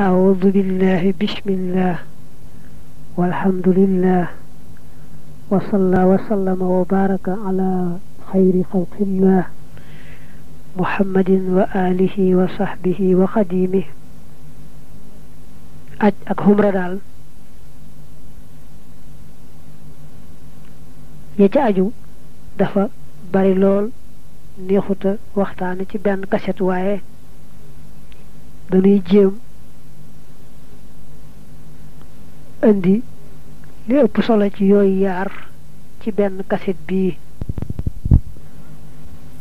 أعوذ بالله بسم الله والحمد لله وصلى وسلم وبارك على خير خلق الله محمد وآله وصحبه وخديمه أج أك همرة دال يتأجو دفا bari lool neexuta waxtaane ci benn kaset waaye dañuy jéem indi li ëpp solo ci yooyu yaar ci benn kaset bi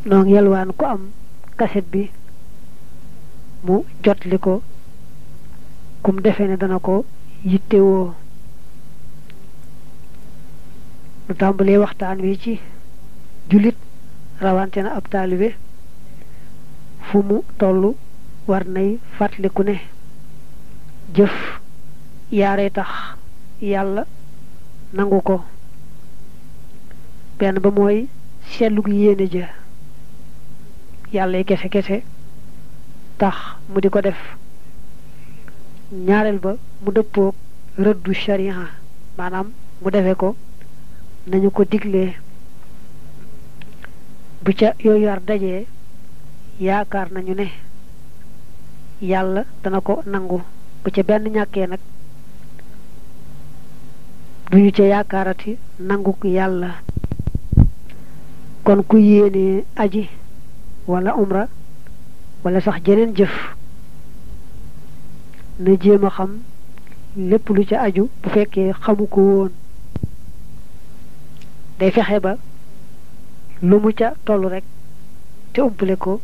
noo ngi yalwaan ku am kaset bi mu jotli ko kum defe ne dana ko yittewoo lu tàmbalee waxtaan wi ci jullit rawante na ab taalibe fu mu toll war nay fàttaliku ne jëf yaaree tax yàlla nangu ko benn ba mooy seetlug yéene ja yàlla kese kese tax mu di ko def ñaareel ba mu dëppoog rëddu sharia maanaam mu defee ko nañu ko diglee bu ca yooyu yar dajee yaakaar nañu ne yàlla dana ko nangu bu ca benn ñàkkee nag duñu ca yaakaarati nanguk yàlla kon ku yéene aji wala umra wala sax jeneen jëf na jéem xam lépp lu ca aju bu fekkee xamu ko woon day fexe ba lu mu ca tollu rekk te umpale ko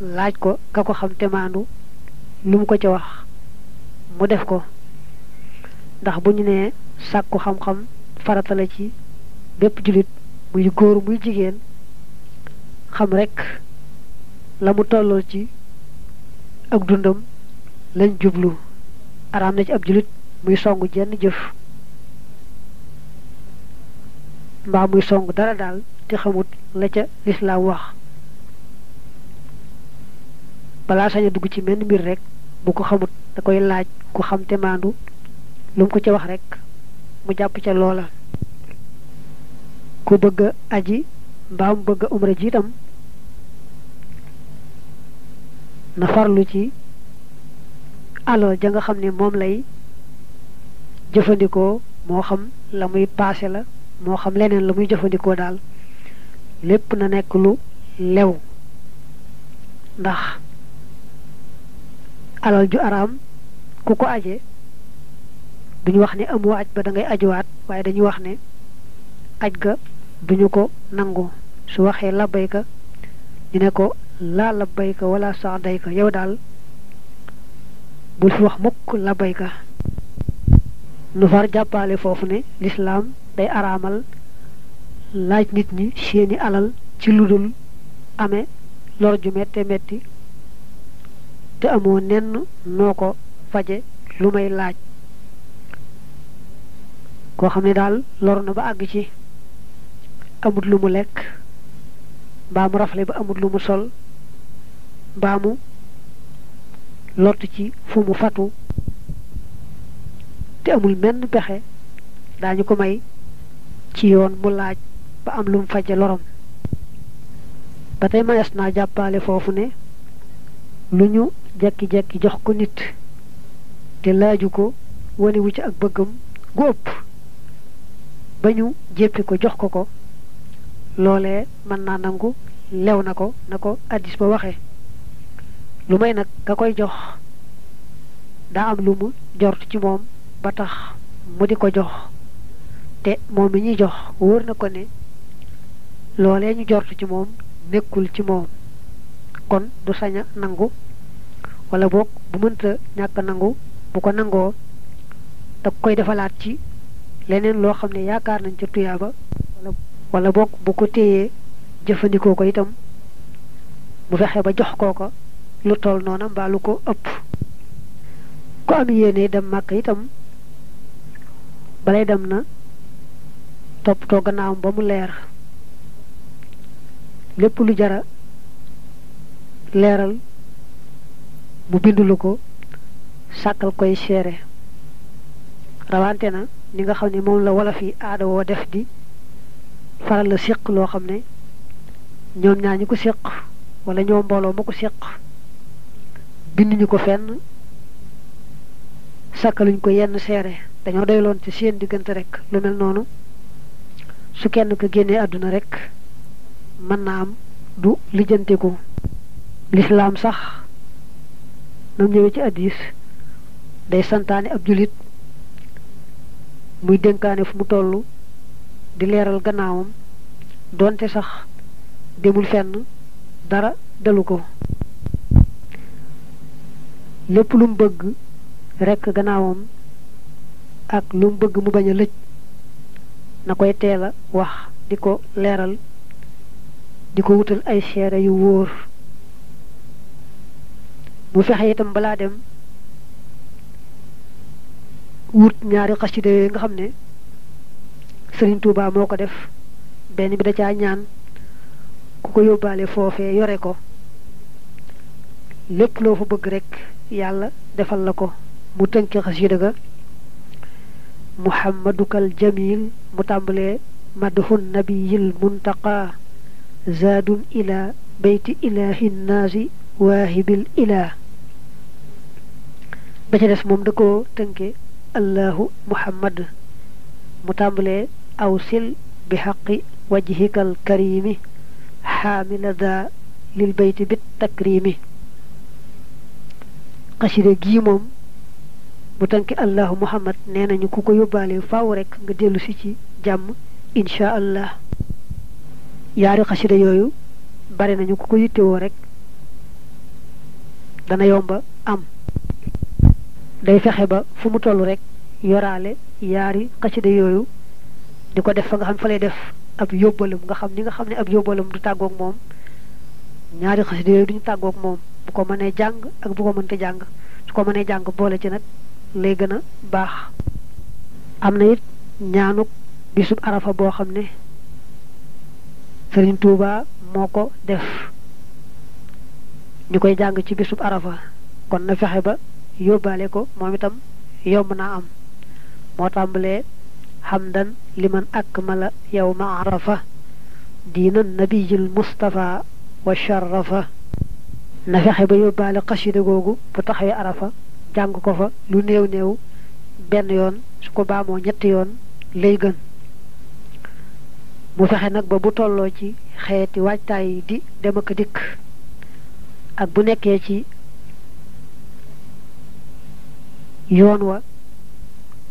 laaj ko ka ko xam te maandu lu mu ko ca wax mu def ko ndax bu ñu nee sàkku xam-xam farata ci bépp jullit muy góor muy jigéen xam rekk la mu tolloo ci ak dundam lañ jublu araam na ci ab jullit muy songu jenn jëf mbaa muy song dara daal te xamut la ca lislaam wax balaa sañ dugg ci menn mbir rekk bu ko xamut da koy laaj ku xam te maandu lu ko ca wax rekk mu jàpp ca loola ku bëgg aji mbaa bëgg umra jiitam itam na farlu ci alal ja nga xam ne moom lay jëfandikoo moo xam la muy paase la moo xam leneen la muy jëfandikoo daal lépp na nekk lu lew ndax alal ju araam ku ko aje duñu wax ni amoo aj ba dangay ajuwaat waaye dañuy wax ne aj ga duñu ko nangu su waxee labbayka ñu ne ko laa labbayka wala saadayka yow daal bul fi wax mukk labbayka nu far jàppale foofu ne lislaam day araamal laaj nit ñi seeni alal ci lu dul amee lor ju mette metti te amoo nenn noo ko faje lu may laaj koo xam ne daal lor na ba àgg ci amut lu mu lekk mbaa mu rafle ba amut lu mu sol mbaa mu lott ci fu mu fatu te amul menn pexe daañu ko may ci yoon mu laaj ba am lu mu faje lorom ba tey mayees naa jàppale foofu ne lu ñu jekki-jekki jox ko nit te laaju ko wanewu ci ak bëggam gu ëpp ba ñu jéppi ko jox ko ko loole mën naa nangu lew na ko na ko addis ba waxee lu may nag ka koy jox daa am lu mu jort ci moom ba tax mu di ko jox te moom mi ñuy jox wóor na ko ne loole ñu jort ci moom nekkul ci moom kon du sañ a nangu wala boog bu mënta ñàkk nangu bu ko nangoo da koy defalaat ci leneen loo xam ne yaakaar nañ ca tuyaaba walla wala bokk bu ko téyee jëfandikoo ko itam mu fexe ba jox koo ko lu toll noona mbaa lu ko ëpp ku am yéene dem màkk itam balay dem na toppatoo gannaawam ba mu leer lépp lu jara leeral mu bindulu ko sàkkal koy seere rawante na ni nga xam ne moom la wolof yi aada woo def di faral la séq loo xam ne ñoom ñaar ñi ko séq wala ñoo mbooloo ma ko séq bind ñu ko fenn sàkkaluñ ko yenn seere dañoo doyloon ci seen diggante rek lu mel noonu su kenn ko génnee àdduna rek mën naa am du lijjanteku lislaam sax nam ñëwee ci addis day santaane ab jullit muy dénkaane fu mu tollu di leeral gannaawam doonte sax demul fenn dara dalu ko lépp lu mu bëgg rekk gannaawam ak lu mu bëgg mu bañ a lëj na koy teel a wax di ko leeral di ko wutal ay seere yu wóor mu fexe itam balaa dem wut ñaari xasida nga xam ne Sëriñ Tuubaa moo ko def benn bi da caa ñaan ku ko yóbbaale foofee yore ko lépp loo fa bëgg rekk yàlla defal la ko mu tënke xasida ga muhammadukal jamil mu tàmbalee madhun nabiyil muntaqa zaadun ila beyti ilahi naasi waahibil ilah ba ca des moom da koo tënke allahu muhammad mu tàmbalee awsil bi xaqi wajhikal karimi xaamila daa lil bayti bit takrimi xasida gii moom mu tënki allahu muhammad nee nañu ku ko yóbbaale faaw rekk nga dellusi ci jàmm incha allah yaari xasida yooyu bare nañu ku ko yittewoo rek dana yomba am day fexe ba fu mu toll rek yoraale yaari xasida yooyu di ko def fa nga xam fa lay def ab yóbbalam nga xam ni nga xam ne ab yóbbalam du tàggook moom ñaari xasida yooyu duñu tàggook moom bu ko mënee jàng ak bu ko mënta jàng su ko mënee jàng boole ci nag lay gën a baax am na it ñaanuk bisub arafa boo xam ne Sëriñ tuubaa moo ko def ñu koy jàng ci bisub arafa kon na fexe ba yóbbaale ko moom itam yomb naa am moo tàmbalee xamdan liman akmala yawma arafa diina nabiyil mustafa wa sharafa na fexe ba yóbbaale xasida googu bu taxawee arafa jàng ko fa lu néew néew benn yoon su ko baamoo ñetti yoon lay gën mu fexe nag ba bu tolloo ci xeeti waajtaay di dem ak dikk ak bu nekkee ci yoon wa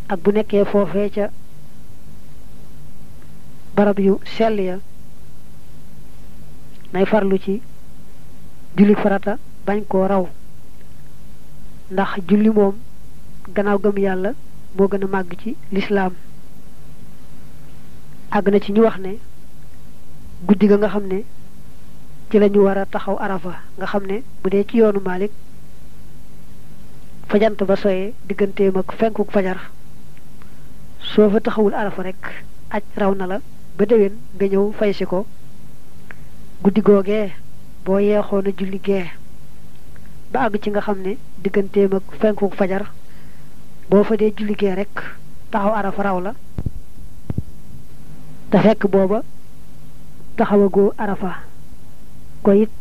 ak bu nekkee foofee ca barab yu sell ya nay farlu ci julli farata bañ koo raw ndax julli moom gannaaw gëm yàlla moo gën a màgg ci lislaam àgg na ci ñu wax ne guddi ga nga xam ne ci la ñu war a taxaw arafa nga xam ne bu dee ci yoonu Maalik fa ba soye digganteem ak fenkuk fajar soo fa taxawul arafa rek aj raw na la ba déwén nga ñëw fay si ko guddi googee boo yeexoon a julli gee ba àgg ci nga xam ne digganteem ak fenkuk fajar boo fa dee julli gee rek taxaw arafa raw la te fekk booba taxawagoo arafa ko it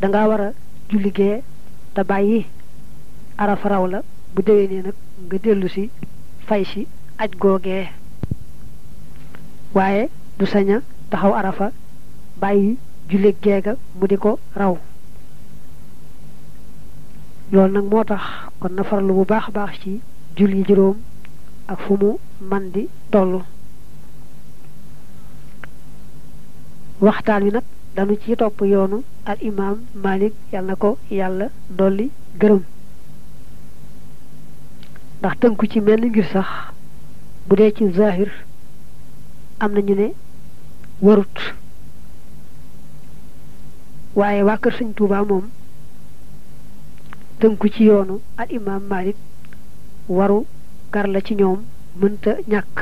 danga war a julli gee te bàyyi arafa raw la bu déwénee nag nga dellu si fay si aj googee waaye du sañ taxaw arafa bàyyi julli geega mu di ko raw loolu nag moo tax kon na bu baax a baax ci julli juróom ak fu mu man di toll waxtaan wi nag dañu ci topp yoonu al imaam Malik yàlla ko yàlla dolli gërëm ndax tënku ci mel ngir sax bu dee ci zahir am na ñu ne warut waaye waa kër sëñ Tuubaa moom tënku ci yoonu al imaam Maalik waru gar la ci ñoom mënta ñàkk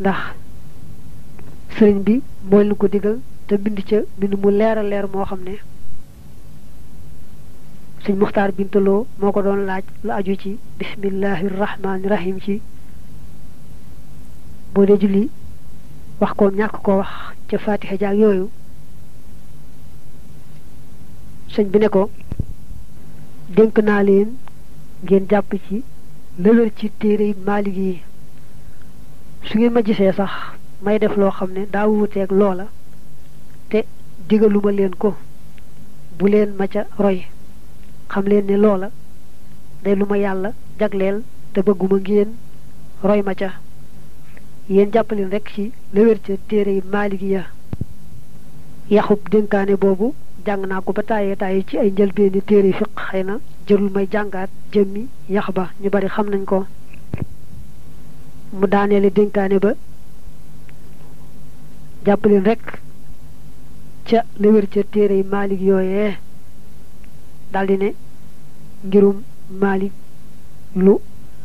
ndax sëriñ bi mooy na ko digal te bind ca bind mu leer leer moo xam ne sëñ muxtaar bintaloo moo ko doon laaj lu aju ci bismillahi rahmaani rahim ci boo dee julli wax ko ñàkk ko wax ca fatiha jaag yooyu sëñ bi ne ko dénk naa leen ngeen jàpp ci lëwér ci téere maalik yi su ngeen ma gisee sax may def loo xam ne daa wuuteeg loola te digaluma leen ko bu leen ma ca roy xam leen ne loola day lu ma yàlla jagleel te bëgguma ngeen roy ma ca yéen jàppaleen rek ci lëwér ca téere yi maaligi ya yaxub dënkaane boobu jàng naa ko ba tàyyee tàyyi ci ay njëlbeeni téere fiq xëy na jërul may jàngaat jëmmi yax ba ñu bari xam nañ ko mu daaneele dénkaane ba jàppaleen rekk ca lëwér ca téere yi maalik yooyee daldi ne ngirum Maalik lu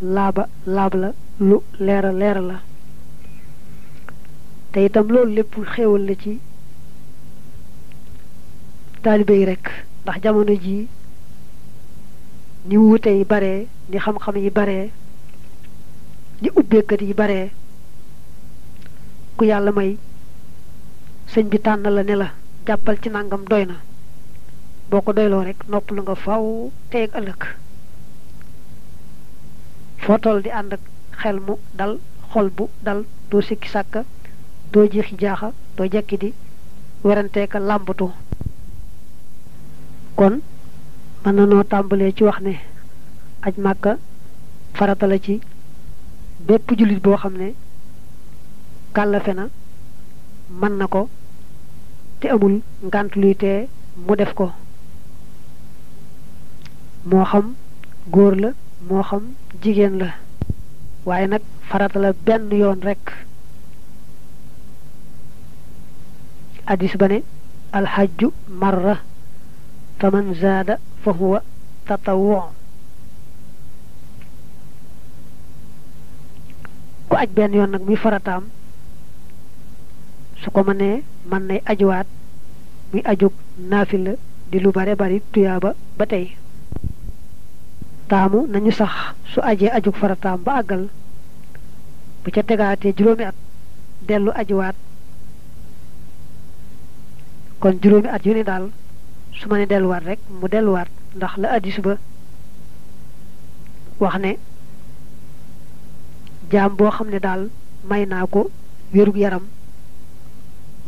laaba laab la lu leera leera la te itam loolu lépp xéewal la ci taalibe yi rekk ndax jamono ji ni wuute yi baree ni xam-xam yi bare ni ubbeekat yi baree ku yàlla may sëñ bi tànn la ne la jàppal ci nàngam doy na boo ko doyloo rek nopp lu nga faw tey ak ëllëg foo toll di ànd ak xel mu dal xol bu dal doo sikki sàkka doo jeexi jekki di weranteeka làmbatu kon mën na noo tàmbalee ci wax ne aj màkka farata ci bépp jullit boo xam ne kàllafe na mën na ko te amul ngànt luy te mu def ko moo xam góor la moo xam jigéen la waaye nag farata la benn yoon rekk addis ba ne alxajju marra faman zaada fa huwa tatawwu ku aj benn yoon nag muy farataam su ko mënee mën nay ajuwaat muy ajug naafila di lu bare bari tuyaaba ba tey taamu nañu sax su ajee ajug farataam ba àggal bu ca tegaatee juróomi at dellu ajiwaat kon juróomi at yu ne daal su ma ne delluwaat rek mu delluwaat ndax la addis ba wax ne jaam boo xam ne daal may naa ko wérug yaram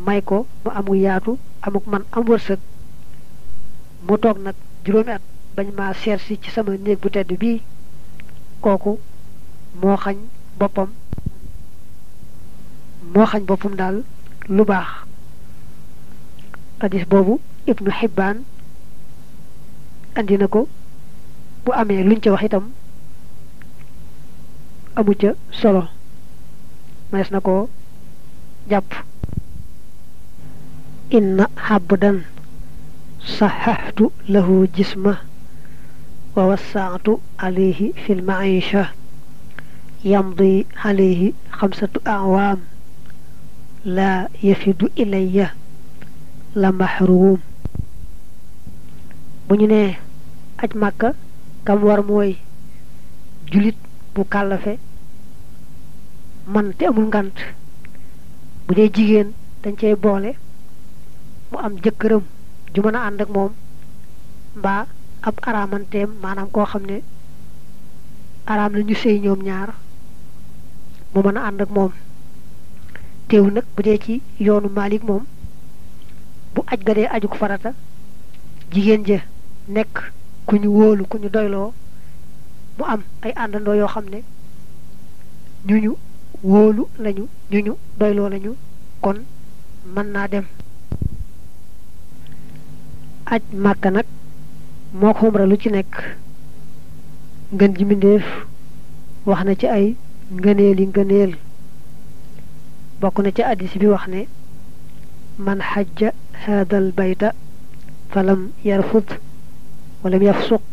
may ko mu amuk yaatu amuk man am wërsëg mu toog nag juróomi at bañ ma seet si ci sama néeg bu tedd bii kooku moo xañ boppam moo xañ boppam daal lu baax xadis boobu ibnu xibbaan andi na ko bu amee luñ ca wax itam amu ca solo manees na ko jàpp inna xabdan sahahtu lahu jisma wa wasaatu alayhi fi lmaisha yamdi alayhi xamsatu awaam laa yafidu ilayya la mahruum bu ñu nee aj màkka kam war mooy julit bu kàllafe man te amul ngant bu dee jigéen dañ cey boole mu am jëkkëram ju mën ànd ak moom mbaa ab araamanteem maanaam koo xam ne araam lañu ñu sëy ñoom ñaar mu mën a ànd ak moom teew nag bu dee ci yoonu Malik moom bu aj ga dee aju farata jigéen ja nekk ku ñu wóolu ku ñu doyloo mu am ay àndandoo yoo xam ne ñu ñu wóolu lañu ñu ñu doyloo lañu kon mën naa dem aj màkka nag moo ko umra lu ci nekk ngën ji mbindéef wax na ci ay ngëneel yi bokk na ci addis bi wax ne man xajja haadal bayta falam yarfud walam yafsuq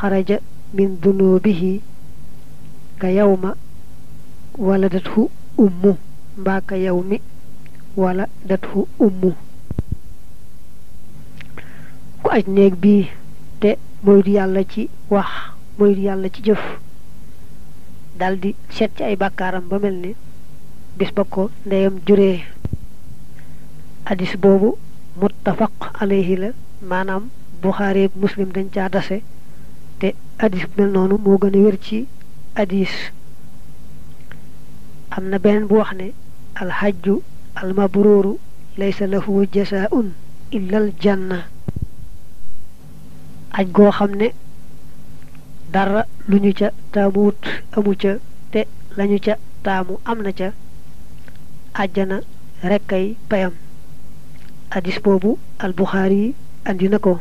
xaraja min dunubihi ka yawma waladathu ummu mbaa ka yawmi waladathu ummu ku aj néeg bi te moytu yàlla ci wax moytu yàlla ci jëf daal di seet ci ay bàkkaaram ba mel ni bis ba ko ndeyam juree addis boobu muttafaq alayhi la maanaam buxaari ak muslim dañ caa dase te addis bu mel noonu moo gën a wér ci addis am na beneen bu wax ne alxajju almabrooru laysa lahu jasaun illa al janna aj goo xam ne dara lu ñu ca taamuwut amu ca te lañu ca taamu am na ca àjjana rek kay payam hadis boobu albuxaari yi andi na ko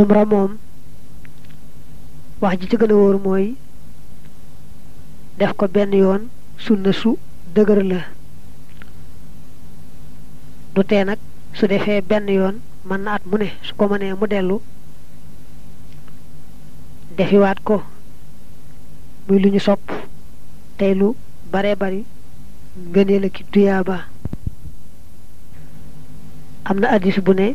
umra moom wax ji ca gën a wóor mooy def ko benn yoon sunna su dëgër la du tee nag su defee benn yoon mën na at mu ne su ko mënee mu dellu defiwaat ko muy lu ñu sopp tey lu baree bari ngëneel ak tuyaaba am na addis bu ne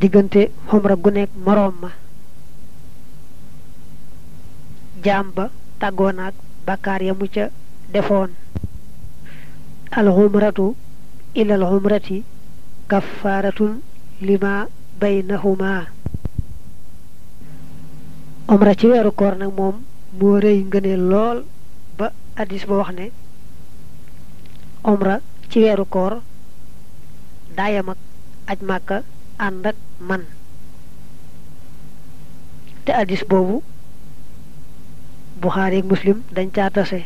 diggante xumra gu nekk moroom ma jaam ba tàggoon ak bàkkaar ca defoon al xumratu ilal xumrati kafaaratun lima baynahuma omra ci weeru koor nag moom moo rëy ngëneel lool ba addis ba wax ne omra ci weeru koor daayam ak aj màkka ànd ak man te addis boobu buxaari ak muslim dañ caa tase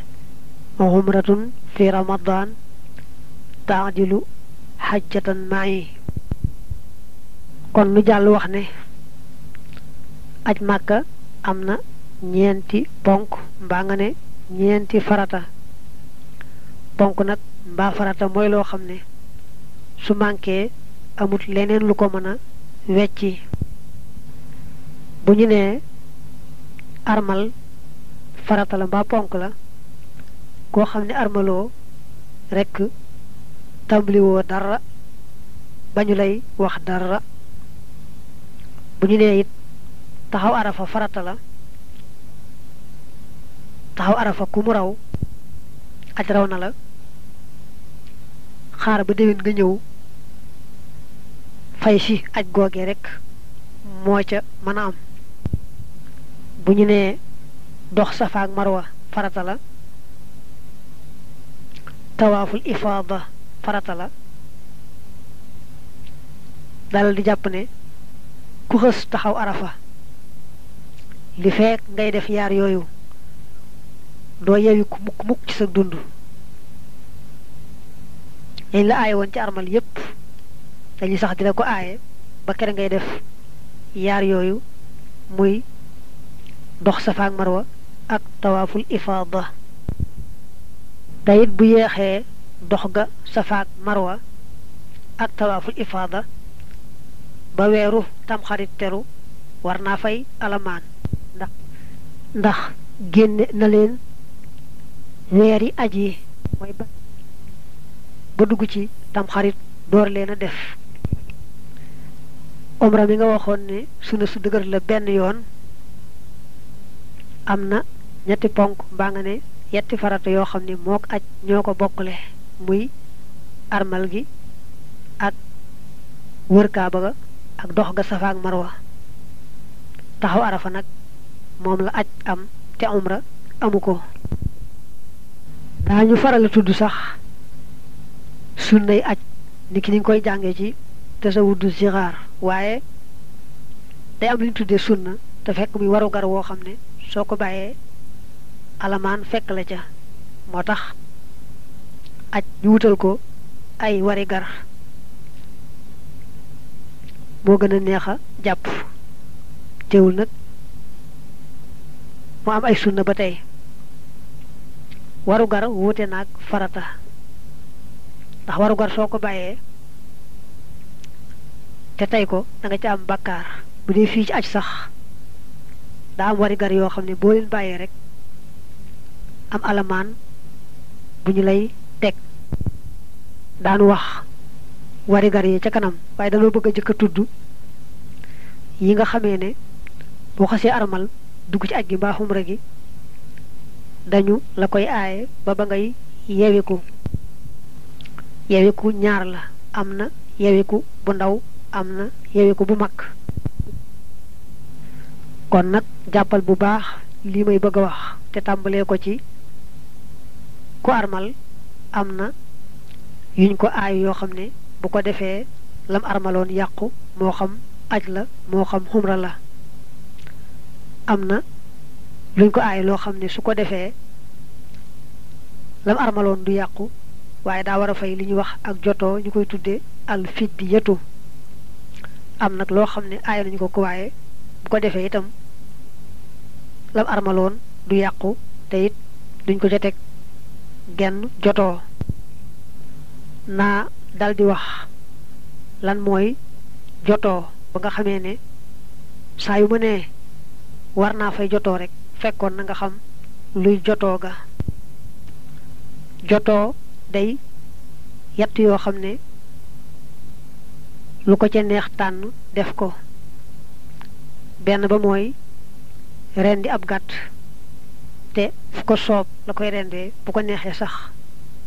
umratun fi ramadan taajilu xajjatan maay kon lu jàll wax ne aj màkka am na ñeenti ponk mbaa nga ne ñeenti farata ponk nag mbaa farata mooy loo xam ne su manqué amut leneen lu ko mën a wecci bu ñu nee armal farata la mbaa ponk la koo xam ne armaloo rekk tàmbaliwoo dara ba ñu lay wax dara bu ñu nee it taxaw arafa farata la taxaw arafa ku mu raw aj raw na la xaar ba déwén nga ñëw fay si aj googee rek moo ca mën a am bu ñu nee dox safa marwa farata la tawaaful ifaada farata la dal di jàpp ne ku xës taxaw arafa li fekk ngay def yaar yooyu doo yewi ku mukk mukk ci sa dund yañ la aaye woon ci armal yépp dañuy sax dina ko aaye ba kere ngay def yaar yooyu muy ndox safa ak marwa ak tawaaful ifaada tayit bu yeexee dox ga safaak marwa ak tawaaful ifaada ba weeru tamxarit teru war naa fay alamaan ndax ndax génne na leen weeri aj yi mooy ba dugg ci tamxarit door leen a def omra mi nga waxoon ne suna su dëgër la benn yoon am na ñetti ponk mbaa nga ne yetti farata yoo xam ne mook aj ñoo ko bokkule muy armal gi ak wër ga ak dox ga safa ak marwa taxaw arafa nag moom la aj am te umra amu ko daañu farala tudd sax sunnay aj ni ki ni koy jàngee ci tasawudu sixaar waaye day am li ñu tuddee sunna te fekk muy warugar woo xam ne soo ko bàyyee alamaan fekk la ca moo tax aj ñu wutal ko ay wari gar moo gën a neex a jàpp teewul nag mu am ay sunna ba tey waru gar wuute naag farata ndax waru gar soo ko bàyyee te tey ko da nga ci am bàkkaar bu dee fii ci aj sax daa am wari gar yoo xam ne boo leen bàyyee rek am alamaan bu ñu lay teg daan wax wari gar yi ca kanam waaye dañoo bëgg a jëkk tudd yi nga xamee ne boo xasee armal dugg ci aj gi mbaa xumra gi dañu la koy aaye ba ba ngay yewiku yewiku ñaar la am na yewiku bu ndaw am na yewiku bu mag kon nag jàppal bu baax lii may bëgg a wax te tàmbalee ko ci ku armal am na yuñ ko aay yoo xam ne bu ko defee lam armaloon yàqu moo xam aj la moo xam xumra la am na luñ ko aay loo xam ne su ko defee lam armaloon du yàqu waaye daa war a fay li ñuy wax ak joto ñu koy tuddee al jotu am nag loo xam ne aay nañu ko ko waaye bu ko defee itam lam armaloon du yàqu te it duñ ko joteeg genn joto naa daldi wax lan mooy jotoo ba nga xamee ne saa yu ma nee war naa fay jotoo rek fekkoon na nga xam luy jotoo ga jotoo day yatt yoo xam ne lu ko ca neex tànn def ko benn ba mooy rendi ab gàtt te fu ko soob la koy rendee bu ko neexee sax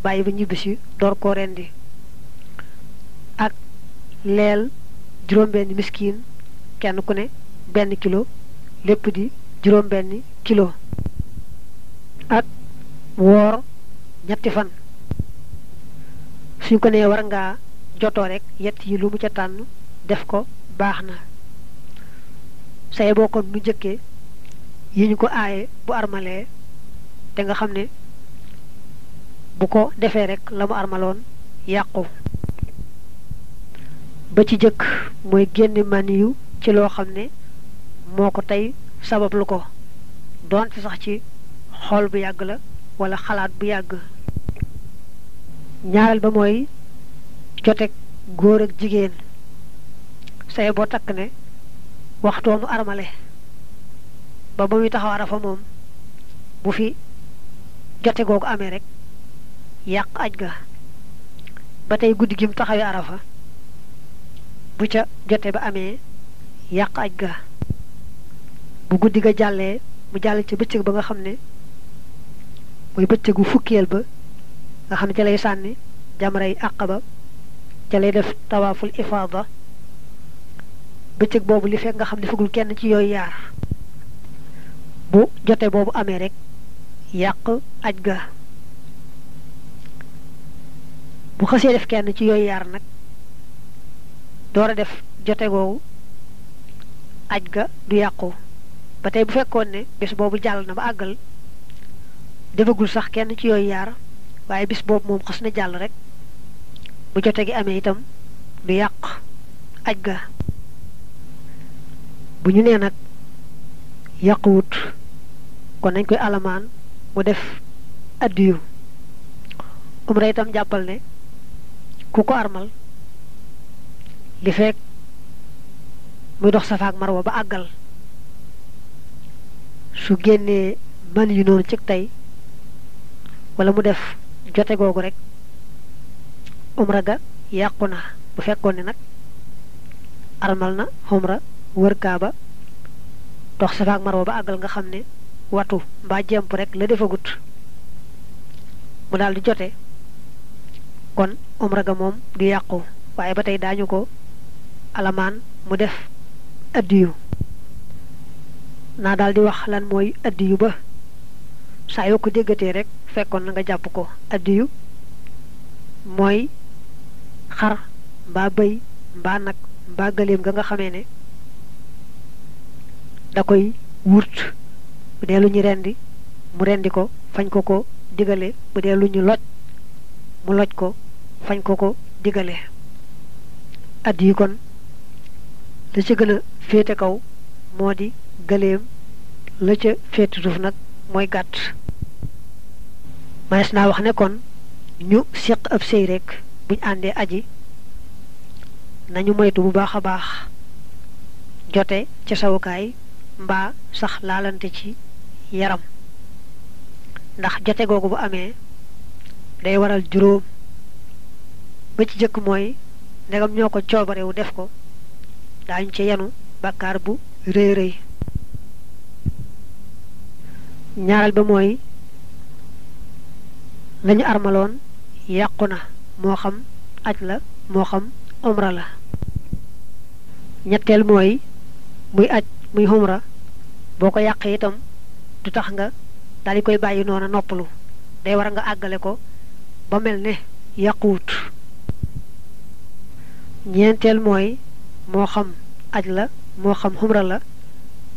bàyyi ba ñibbisi door koo rendi ak leel juróom-benni miskiin kenn ku ne benn kilo lépp di juróom-benni kilo ak woor ñetti fan suñ ko nee war ngaa jotoo rekk yett yi lu mu ca tànn def ko baax na say boo kon mu njëkkee yi ñu ko aaye bu armalee te nga xam ne bu ko defee rek la mu armaloon yàqu ba ci jëkk mooy génne maniyu ci loo xam ne moo ko tey sabab lu ko doonte sax ci xool bu yàgg la walla xalaat bu yàgg ñaareel ba mooy joteeg góor ak jigéen say boo takk ne waxtoomu armale ba ba muy taxaw arafa moom bu fi jote googu amee rek yàq aj ga ba tey guddi gi mu taxawee arafa bu ca jote ba amee yàq aj ga bu guddi ga jàllee mu jàll ca bëccëg ba nga xam ne mooy bëccëgu fukkeel ba nga xam ne ca lay sànni yi àq ba ca lay def tawaaful ifaada bëccëg boobu li fekk nga xam ne fugul kenn ci yooyu yaar bu jote boobu amee rek yàq aj ga bu xasee def kenn ci yooyu yaar nag door a def jote googu aj ga du yàqu ba tey bu fekkoon ne bés boobu jàll na ba àggal defagul sax kenn ci yooyu yaar waaye bis boobu moom xas na jàll rek bu jote gi amee itam du yàq aj ga bu ñu nee nag yàquwut kon dañ koy alamaan mu def addiyu umra itam jàppal ne ku ko armal li fekk muy dox safaak marwa ba àggal su génnee man yu noonu ci tey wala mu def jote googu rek umra ga yàqu na bu fekkoon ne nag armal na umra wër kaaba dox safaak marwa ba àggal nga xam ne watu mbaa jemp rek la defagut mu daldi jote kon umra ga moom du yàqu waaye ba tey daañu ko alamaan mu def addiyu naa daldi wax lan mooy addiyu ba saa yoo ko déggatee rek fekkoon na nga jàpp ko addiyu mooy xar mbaa bëy mbaa nag mbaa gëléem ga nga xamee ne da koy wurt bu dee lu ñu rendi mu rendi ko fañ ko ko digale bu dee lu ñu loj mu loj ko fañ ko ko digale at yi kon la ca gën féete kaw moo di gëléem la ca féete suuf nag mooy gàtt manees naa wax nekkoon ñu seq ab sëy rek buñ àndee aji nañu moytu bu baax a baax jote ca sawukaay mbaa sax laalante ci yaram ndax jote googu bu amee day waral juróom ba ci jëkk mooy ndegam ñoo ko coobarewu def ko daañu ci yanu bàkkaar bu rëy rëy ñaareel ba mooy lañu armaloon yàqu na moo xam aj la moo xam umra la ñetteel mooy muy aj muy umra boo ko yàq itam du tax nga daal di koy bàyyi noona noppalu day war nga àggale ko ba mel ne yàquwut ñeenteel mooy moo xam aj la moo xam xumra la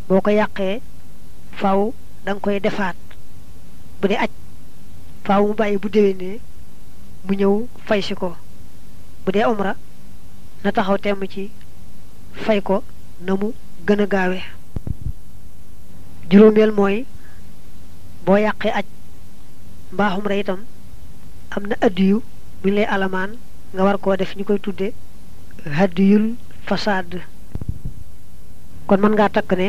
boo ko yàqee faw danga koy defaat bu dee aj faaw mu bàyyi bu déwénee mu ñëw fay si ko bu dee omra na taxaw temm ci fay ko na mu gën a gaawe juróomeel mooy boo yàqee aj mbaa xumra itam am na addiyu bu ñu lay alamaan nga war koo def ñu koy tudde hadiyul fasaad kon mën ngaa takk ne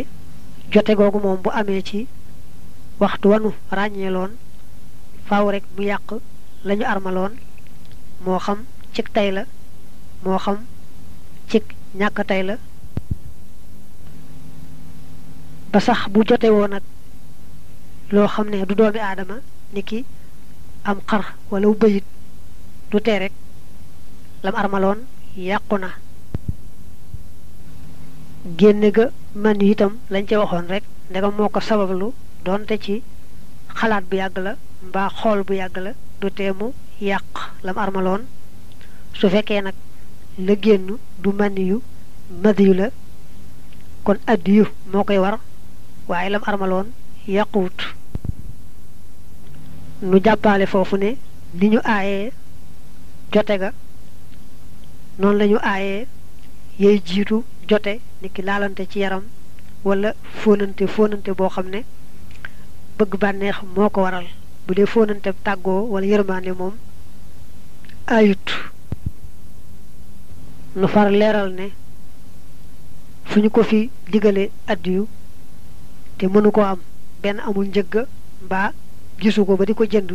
jote googu moom bu amee ci waxtu wanu ràññeeloon faaw rekk mu yàq lañu armaloon moo xam cig tay la moo xam cig ñàkk tay la ba sax bu jote woon nag loo xam ne du doomi aadama ni ki am xar wala wu bëyit du tee rek lam armaloon yàqu na génne ga man itam lañ ca waxoon rekk ndegam moo ko sabablu doonte ci xalaat bu yàgg la mbaa xool bu yàgg la du teemu yàq lam armaloon su fekkee nag la génn du man yu la kon addi yu moo koy war waaye lam armaloon yàquwut nu jàppale foofu ne ni ñu aayee jote ga noonu lañu aaye yey jiitu jote ni laalante ci yaram walla fóonante fóonante boo xam ne bëgg bànneex moo ko waral bu dee fóonante tàggoo wala yërmaane moom ayut nu far leeral ne fu ñu ko fi digale addiyu te mënu ko am benn amul njëgg mbaa gisu ko ba di ko jënd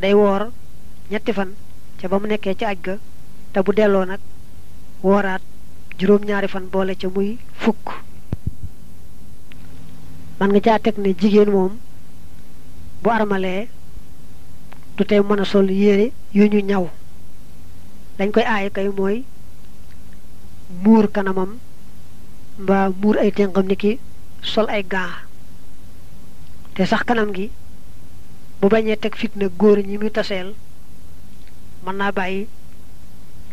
day woor ñetti fan ca ba mu nekkee ci aj ga te bu delloo nag wooraat juróom-ñaari fan boole ca muy fukk man nga caa teg ne jigéen moom bu armalee du tey mën a sol yére yu ñu ñaw dañ koy aay kay mooy muur kanamam mbaa muur ay tenqam ni ki sol ay gaa te sax kanam gi bu bañee teg fitna góor ñi muy taseel mën naa bàyyi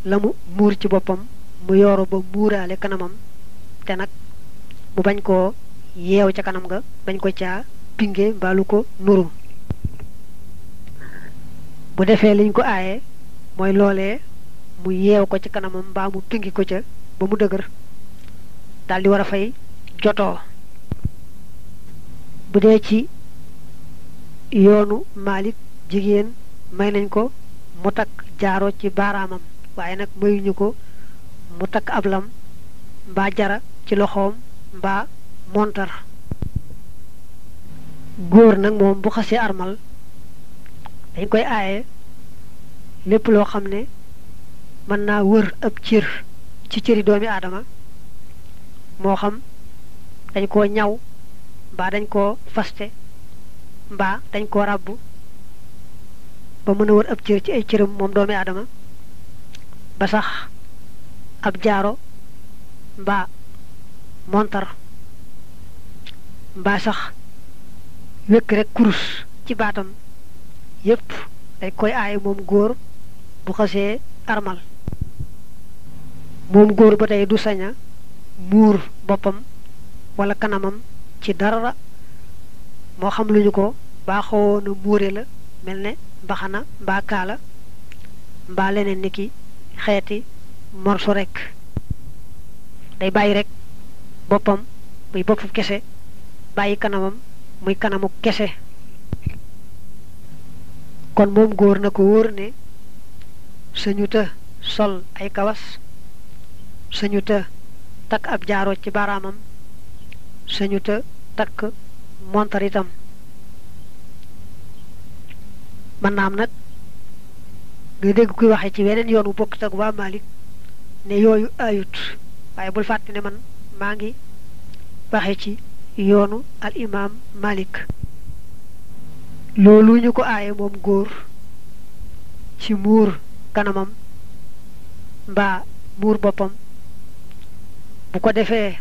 la mu muur ci boppam mu yooro ba muuraale kanamam te nag mu bañ koo yeew ca kanam nga bañ ko ca pinge mbaalu ko nuru bu defee liñ ko aaye mooy loole mu yeew ko ci kanamam mbaa mu ko ca ba mu dëgër daldi di war a fay jotoo bu dee ci yoonu Maalik jigéen may nañ ko mu takk jaaro ci baaraamam waaye nag mayuñu ko mu takk ab lam mbaa jara ci loxoom mbaa montar góor nag moom bu xasee armal dañ koy aaye lépp loo xam ne mën naa wër ab cër ci cëri doomi aadama moo xam dañ koo ñaw mbaa dañ koo faste mbaa dañ koo ràbb ba mën a wër ab cër ci ay cëram moom doomi aadama ba sax ab jaaro mbaa montar mbaa sax wékk rek kurus ci baatam yépp ay koy aaye moom góor bu xasee armal moom góor ba tey du saña muur boppam wala kanamam ci dara moo xam lu ñu ko baaxoo na muure la mel ne mbaxana mbaa kaala mbaa leneen ni ki xeeti morso rekk day bàyyi rek boppam muy boppu kese bàyyi kanamam muy kanamu kese kon moom góor na ko wóor ne sañuta sol ay kawas sañuta takk ab jaaro ci baaraamam sañuta takk montar itam mën naam nag nga dégg kuy waxee ci weneen yoon wu bokkut ak malik ne yooyu ayut waaye bul fàtte ne man maa ngi waxee ci yoonu al malik Malick loolu ñu ko aaye moom góor ci muur kanamam mbaa muur boppam bu ko defee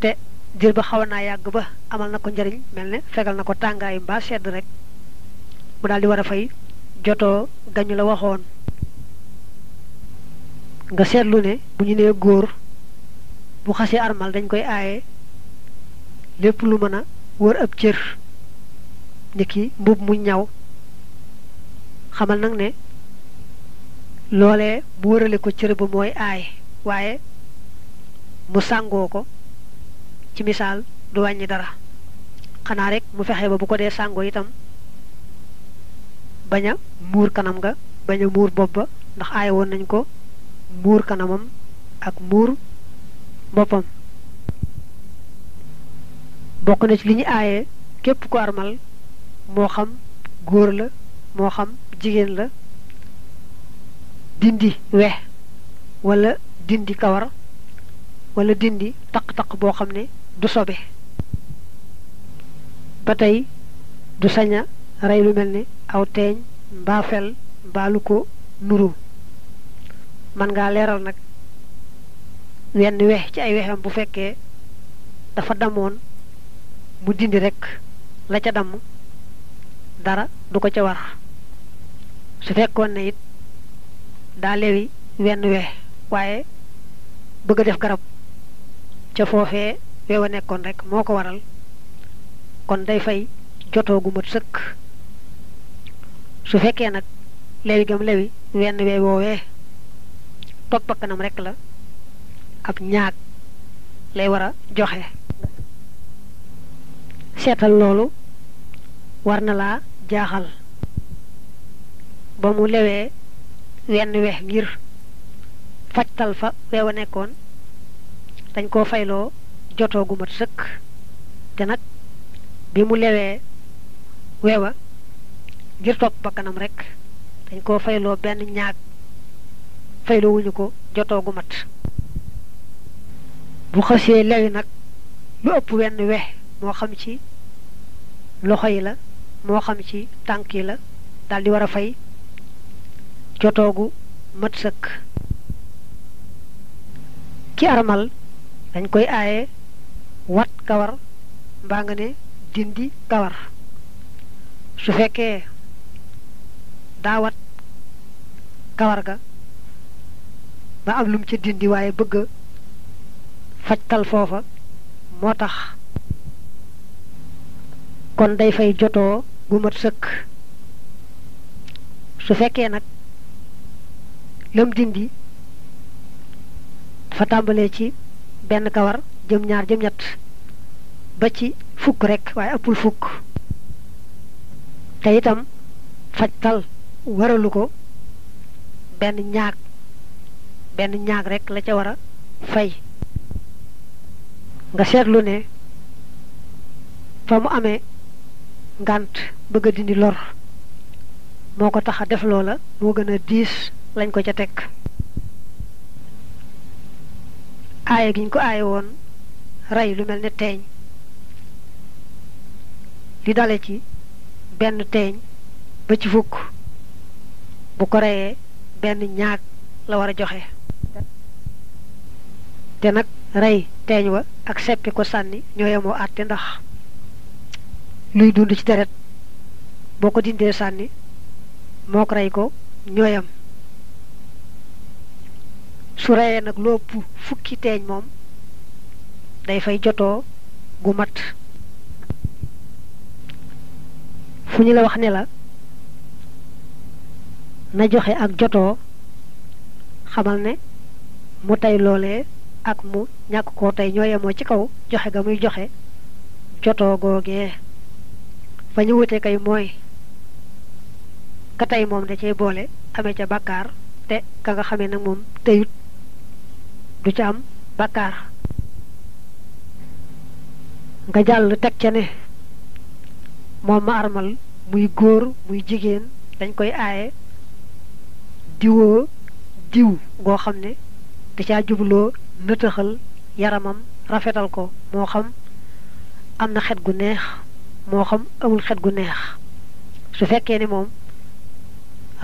te jël ba xaw naa yàgg ba amal na ko njariñ mel ne fegal na ko tàngaay mbaa sedd rek mu daal di war a fay jotoo gañu la waxoon nga seetlu ne bu ñu nee góor bu xasee armal dañ koy aaye lépp lu mën a wër ab cër ni ki mbub mu ñaw xamal nag ne loole mu wërale ko cër ba mooy aaye waaye mu sàngoo ko ci misaal du wàññi dara xanaa rekk mu fexe ba bu ko dee sàngoo itam baña a muur kanam nga baña a muur bopp ba ndax aaya woon nañ ko muur kanamam ak muur boppam bokk na ci li ñu aaye képp ku armal moo xam góor la moo xam jigéen la dindi wex walla dindi kawar wala dindi taq-taq boo xam ne du sobe ba tey du saña rey lu mel ni aw teeñ mbaa fel mbaa lu ko nuru mën ngaa leeral nag wenn wex ci ay weexam bu fekkee dafa damoon mu dindi rekk la ca damm dara du ko ca war su fekkoon ne it daa wenn wex waaye bëgg a def garab ca foofee weewa nekkoon rekk moo ko waral kon day fay jotoo gu mat sëkk su fekkee nag lewi gam lewi wenn we topp toog bakkanam rekk la ab ñaag lay war a joxe seetal loolu war na laa jaaxal ba mu lewee wenn we ngir fajtal fa weewa nekkoon dañ koo fayloo jotoogu mat sëkk te nag bi mu lewee wewa ngir topp bakkanam rek dañ koo fayloo benn ñaag fayloo ko jotoo gu mat bu xësee lewi nag lu ëpp wenn we moo xam ci loxo yi la moo xam ci tànk yi la daldi di war a fay jotoogu mat sëkk ki armal dañ koy aaye wat kawar mbaa nga ne dindi kawar su fekkee daawat kawar ga ba am lum ci dindi waaye bëgg a fajtal foofa moo tax kon day fay joto gu mat sëkk su fekkee nag lam dindi dafa tàmbalee ci benn kawar jëm ñaar jëm ñett ba ci fukk rekk waaye ëppul fukk te itam fajtal waralu ko benn ñaag benn ñaag rekk la ca war a fay nga seetlu ne fa mu amee ngànt bëgg dindi lor moo ko tax a def loola moo gën a diis lañ ko ca teg aaye gi ñu ko aaye woon rey lu mel ne teeñ li dale ci benn teeñ ba ci fukk bu ko reyee benn ñaag la war a joxe te nag rey teeñ wa ak seppi ko sànni ñoo yemoo àtte ndax luy dund ci deret boo ko dindee sànni moo ko rey ko ñooyam su reyee nag lu ëpp fukki teeñ moom day fay jotoo gu mat fu ñu la wax ne la na joxe ak jotoo xamal ne mu tey loole ak mu ñàkk koo tey ñoo yemoo ci kaw joxe ga muy joxe jotoo googee fa ñu wute kay mooy ka tey moom da cay boole amee ca bàkkaar te ka nga xame nag moom teyut du ca am bàkkaar nga jàll teg ca ne moom ma armal muy góor muy jigéen dañ koy aaye diwoo diw goo xam ne da caa jubloo nëtëxal yaramam rafetal ko moo xam am na xet gu neex moo xam amul xet gu neex su fekkee ne moom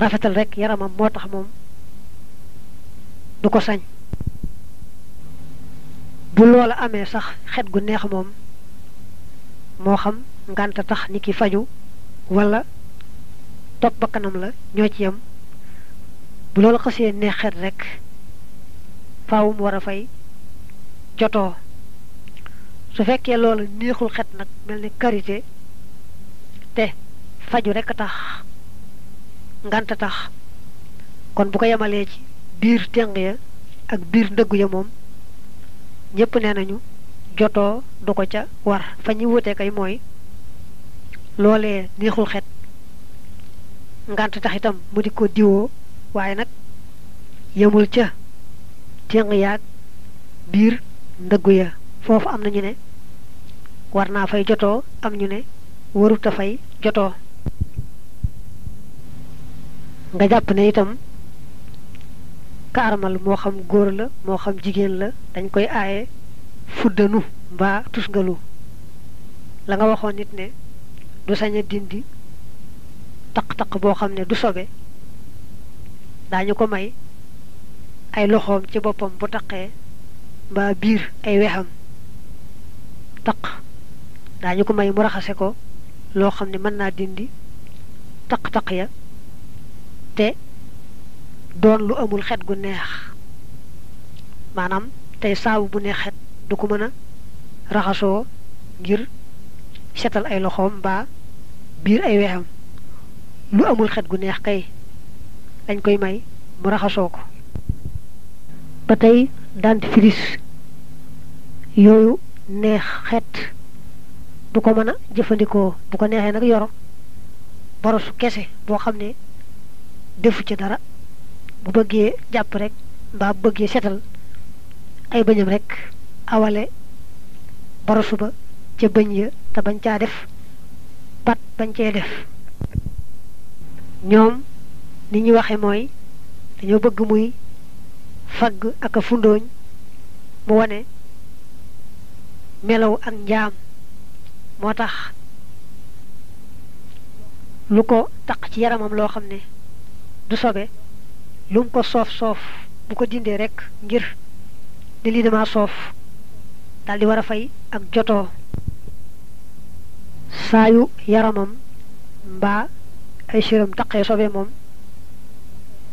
rafetal rek yaramam moo tax moom du ko sañ bu loola amee sax xet gu neex moom moo xam ngànta tax ni ki faju walla topp kanam la ñoo ci yam bu loolu xasee ne xet rek faawum war a fay joto su fekkee loolu neexul xet nag mel ni karité te faju rekk a tax ngant tax kon bu ko yemalee ci biir teng ya ak biir ndëggu ya moom ñépp nee nañu jotoo du ko ca war fa ñu wute kay mooy loolee neexul xet ngant tax itam mu di ko diwoo waaye nag yemul ca téng yaag biir ndëggu ya foofu am na ñu ne war naa fay jotoo am ñu ne warut a fay jotoo nga jàpp ne itam ka moo xam góor la moo xam jigéen la dañ koy aaye fuddanu mbaa tusngalu la nga waxoon nit ne du sañ a dindi taq-taq boo xam ne du sobe daañu ko may ay loxoom ci boppam bu taqee mbaa biir ay wexam taq daañu ko may mu raxase ko loo xam ne mën naa dindi taq-taq ya te doon lu amul xet gu neex maanaam tey saabu bu neex xet du ko mën a raxasoo ngir setal ay loxoom mbaa biir ay wexam lu amul xet gu neex kay lañ koy may mu raxasoo ko ba tey dentifrice yooyu neex xet du ko mën a jëfandikoo bu ko neexee nag yor borosu kese boo xam ne defu ci dara bu bëggee jàpp rekk mbaa bu bëggee setal ay bëñam rekk awale borosu ba ca bëñ ya te bañ caa def pat bañ cee def ñoom ni ñu waxe mooy dañoo bëgg muy fagg ak a fundooñ mu wane melow ak njaam moo tax lu ko taq ci yaramam loo xam ne du sobe lu ko soof-soof bu ko dindee rekk ngir ne lii dama soof daldi di war a fay ak jotoo saayu yaramam mbaa ay siram taqee sobe moom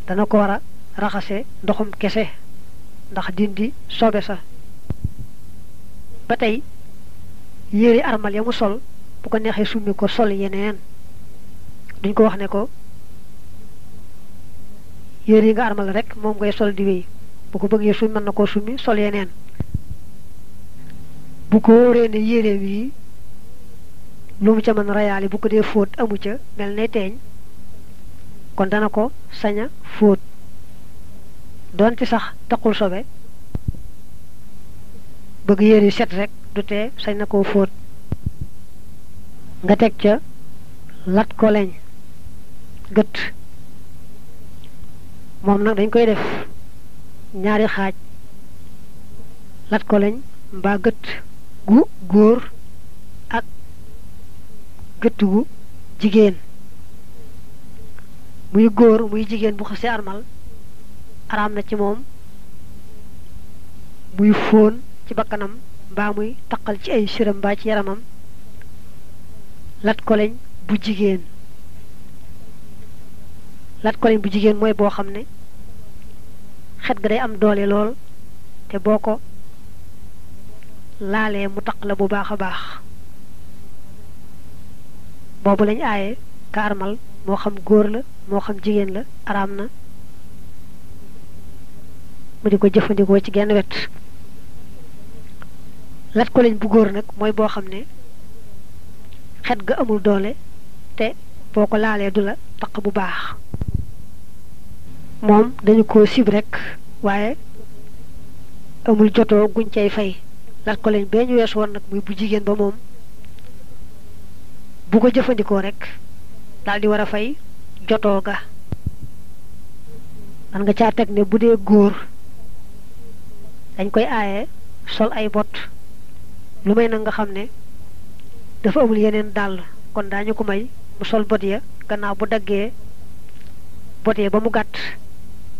dana ko war a raxase ndoxum kese ndax dindi sobe sa ba tey yére armal ya mu sol bu ko neexee summi ko sol yeneen duñ ko wax ne ko yére yi nga armal rek moom ngay sol di wéy bu ko bëggee summi mën na koo summi sol yeneen bu ko wóoree ne yére yi lu mu ca mën rayaali bu ko dee fóot amu ca mel ne teeñ kon dana ko saña fóot doon ci sax taqul sobe bëgg yére yu set rekk du te sañ na koo fóot nga teg ca lat gët moom nag dañ koy def ñaari xaaj lat ko leñ mbaa gët gu góor ak gët gu jigéen muy góor muy jigéen bu xasee armal araam na ci moom muy fóon ci bakkanam mbaa muy taqal ci ay siram ci yaramam lat koleñ bu jigéen lat bu jigéen mooy boo xam ne xet ga day am doole lool te boo ko laalee mu taq la bu baax a baax boobu lañ aaye ka armal moo xam góor la moo xam jigéen la araam na mu di ko jëfandikoo ci genn wet lat ko bu góor nag mooy boo xam ne xet ga amul doole te boo ko laalee du la taq bu baax moom dañu ko sib rekk waaye amul jotoo guñ cay fay lat ko bee ñu wees woon nag muy bu jigéen ba moom bu ko jëfandikoo rekk daal di war a fay jotoo ga xam nga caa teg ne bu dee góor dañ koy aaye sol ay bot lu may nag nga xam ne dafa amul yeneen dàll kon daañu ko may mu sol bot ya gannaaw bu daggee bot ya ba mu gàtt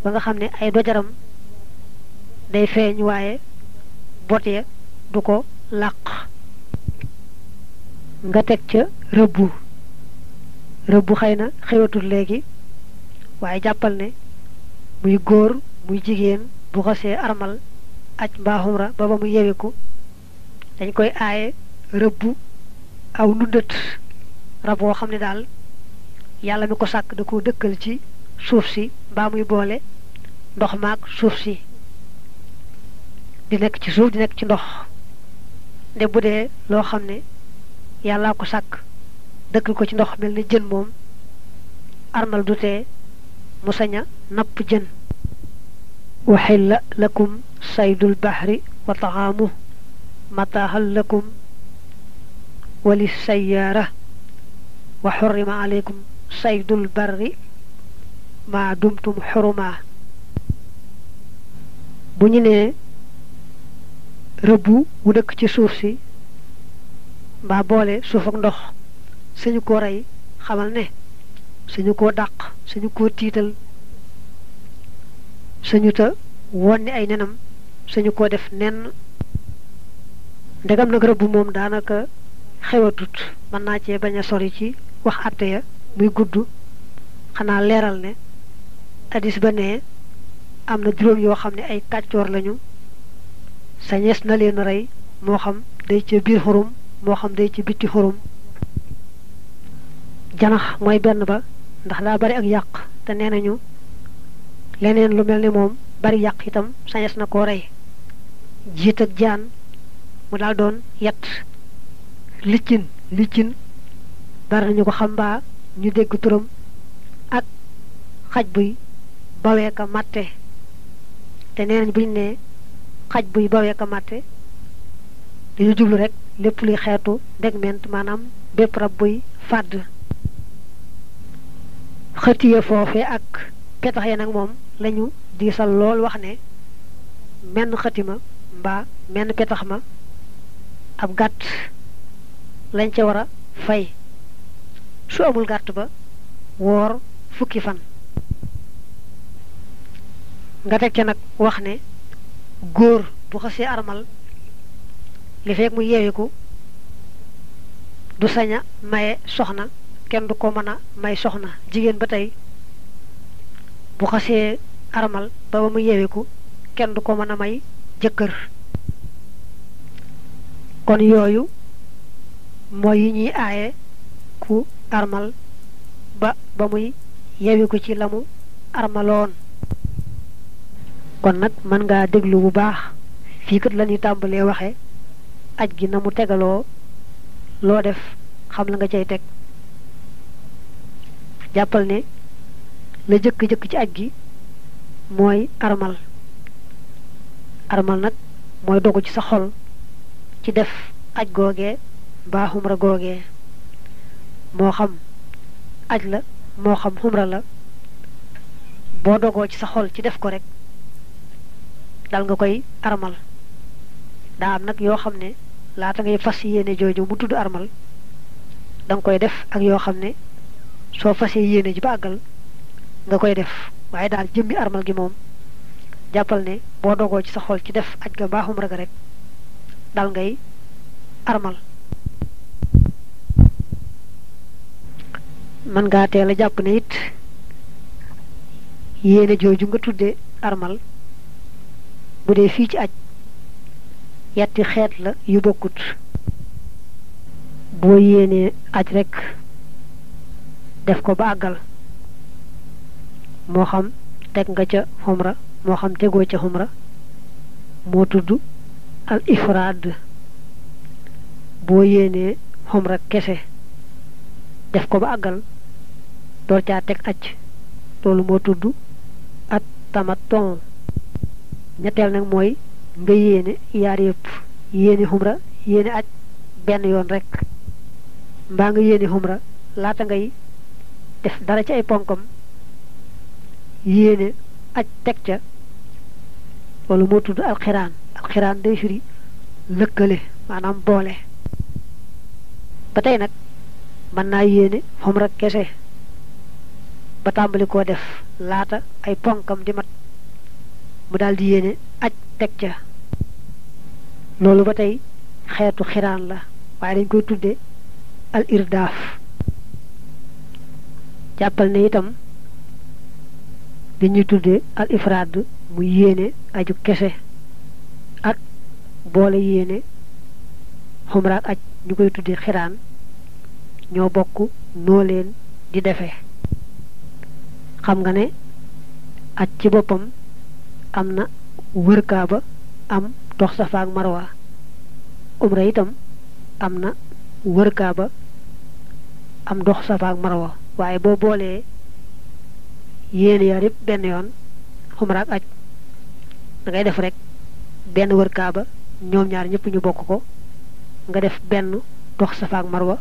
ba nga xam ne ay dojaram day feeñ waaye bot ya du ko làq nga teg ca rëbbu rëbb xëy na xewatul léegi waaye jàppal ne muy góor muy jigéen bu xasee armal aj mbaa xumra ba ba mu yewiku dañ koy aaye rëbb aw nundat rab woo xam ne daal yàlla mi ko sàkk da ko dëkkal ci suuf si mbaa muy boole ndox maag suuf si di nekk ci suuf di nekk ci ndox ne bu dee loo xam ne yàllaa ko sàkk dëkkal ko ci ndox mel ni jën moom armal du mu sañ napp jën waxilla lakum saydul bahri wa taxaamu mataaxal lakum wali sayaara wa xurima aleykum saydul barri maa dumtum xurumaa bu ñu nee rëbbu wu dëkk ci suuf si mbaa boole suuf ndox suñu ko rey xamal ne suñu koo dàq suñu koo tiital suñu ta wonni ay nenam suñu koo def nenn ndegam nag bu moom daanaka xewatut mën naa cee bañ a sori ci wax àtte ya muy gudd xanaa leeral ne addis ba ne am na juróom yoo xam ne ay kàccoor lañu sañees na leen rey moo xam day ca biir xurum moo xam day ca bitti xurum janax mooy benn ba ndax daa bari ak yàq te nee nañu leneen lu mel ni moom bari yàq itam sañes na ko rey jiit ak jaan mu daal doon yet liccin liccin dara nañu ko xam mbaa ñu dégg turam ak xaj buy bawee ka màtte te nee nañ buñ ne xaj buy bawee ka màtte dañu jublu rekk lépp luy xeetu degment maanaam bépp rab buy fàdd xëtiya foofe ak petax ya nag moom lañu diisal lool wax ne menn xëtima mbaa menn petax ma ab gàtt lañ ca war a fay su amul gàtt ba woor fukki fan nga teg ca nag wax ne góor bu xasee armal li fekk mu yeewiku du sañ a maye soxna kenn du ko mën a may soxna jigéen ba tey bu aramal mu yeewiku kenn du ko mën a may jëkkër kon yooyu mooy yi ñuy aaye ku armal ba ba muy yeewiku ci la mu armaloon kon nag mën nga déglu bu baax fii kat la ñuy tàmbalee waxe aj gi na mu tegaloo loo def xam la nga cay teg jàppal ne la jëkk-jëkk ci aj gi mooy armal armal nag mooy dogu ci sa xol ci def aj googee mbaa xumra googee moo xam aj la moo xam xumra la boo dogoo ci sa xol ci def ko rek dal nga koy armal daa am nag yoo xam ne laata ngay fas yéene jooju mu tudd armal danga koy def ak yoo xam ne soo fasee yéene ji ba àggal nga koy def waaye daal jëmmi armal gi moom jàppal ne boo dogoo ci sa xol ci def aj ga mbaaxum raga rek dal ngay armal man ngaa teel a jàpp ne it yéene jooju nga tudde armal bu dee fii ci aj yetti xeet la yu bokkut boo yéenee aj rekk def ko ba àggal moo xam teg nga ca xumra moo xam tegoo ca xumra moo tudd al ifraad boo yéenee xumra kese def ko ba àggal door caa teg acc loolu moo tudd at tamaton ñetteel nag mooy nga yéene yaar yëpp yéene xumra yéene aj benn yoon rekk mbaa nga yéene xumra laata ngay def dara ci ay ponkam yéene aj teg ca loolu moo tudd alxiraan alxiraan day firi lëkkale maanaam boole ba tey nag mën naa yéene xumra kese ba tàmbali koo def laata ay ponkam di mat mu daldi di yéene aj teg ca loolu ba tey xeetu xiraan la waaye dañ koy tudde al irdaaf jàppal na itam li ñuy tuddee al mu yéene aju kese ak boole yéene xumraak aj ñu koy tuddee xeraan ñoo bokk noo leen di defee xam nga ne aj ci boppam am na wër kaaba am dox safa marwa umra itam am na wërkaaba am dox safa ak marwa waaye boo boolee yéen yaar yëpp benn yoon xumraak aj dangay def rek benn wër kaaba ñoom ñaar ñëpp ñu bokk ko nga def benn dox safa ak marwa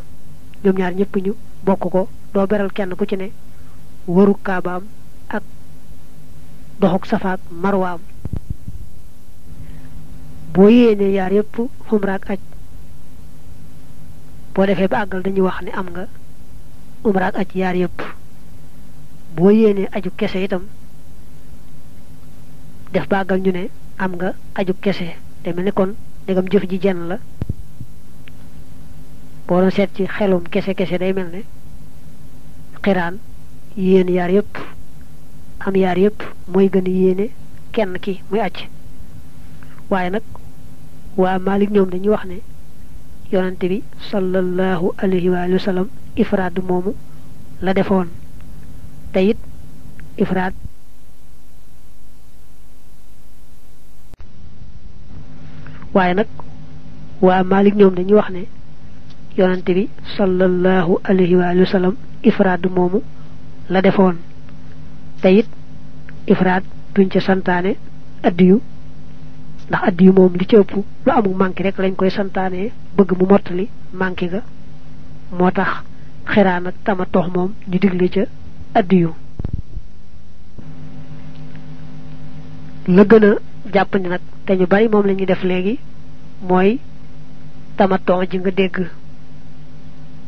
ñoom ñaar ñëpp ñu bokk ko doo beral kenn ku ci ne wëru kaabaam ak doxuk safa ak marwaam boo yéenee yaar yëpp xumraak aj boo defee ba àggal dañuy wax ne am nga umra ak aj yaar yëpp boo yéenee aju kese itam def bàggal ñu ne am nga aju kese te mel ni kon ndegam jëf ji jenn la boo doon seet ci xelum kese kese day mel ne xiraan yéen yaar yëpp am yaar yëpp mooy gën a yéene kenn ki muy aj waaye nag waa Malik ñoom dañuy wax ne yonante bi sallallahu alayhi wa sallam ifraadu moomu la defoon te it ifraad waaye nag waa Malik ñoom dañuy wax ne yonante bi sallallahu alayhi moomu la defoon te it ifraad duñ ca santaane addiyu ndax addiyu moom li ci ëpp lu amul manqué rek lañ koy santaane bëgg mu mottali manqué ga moo tax xeraan ak tamatoox moom ñu digle ca addiyu la gën a jàpp ni nag te ñu bari moom lañuy def léegi mooy tamatoox ji nga dégg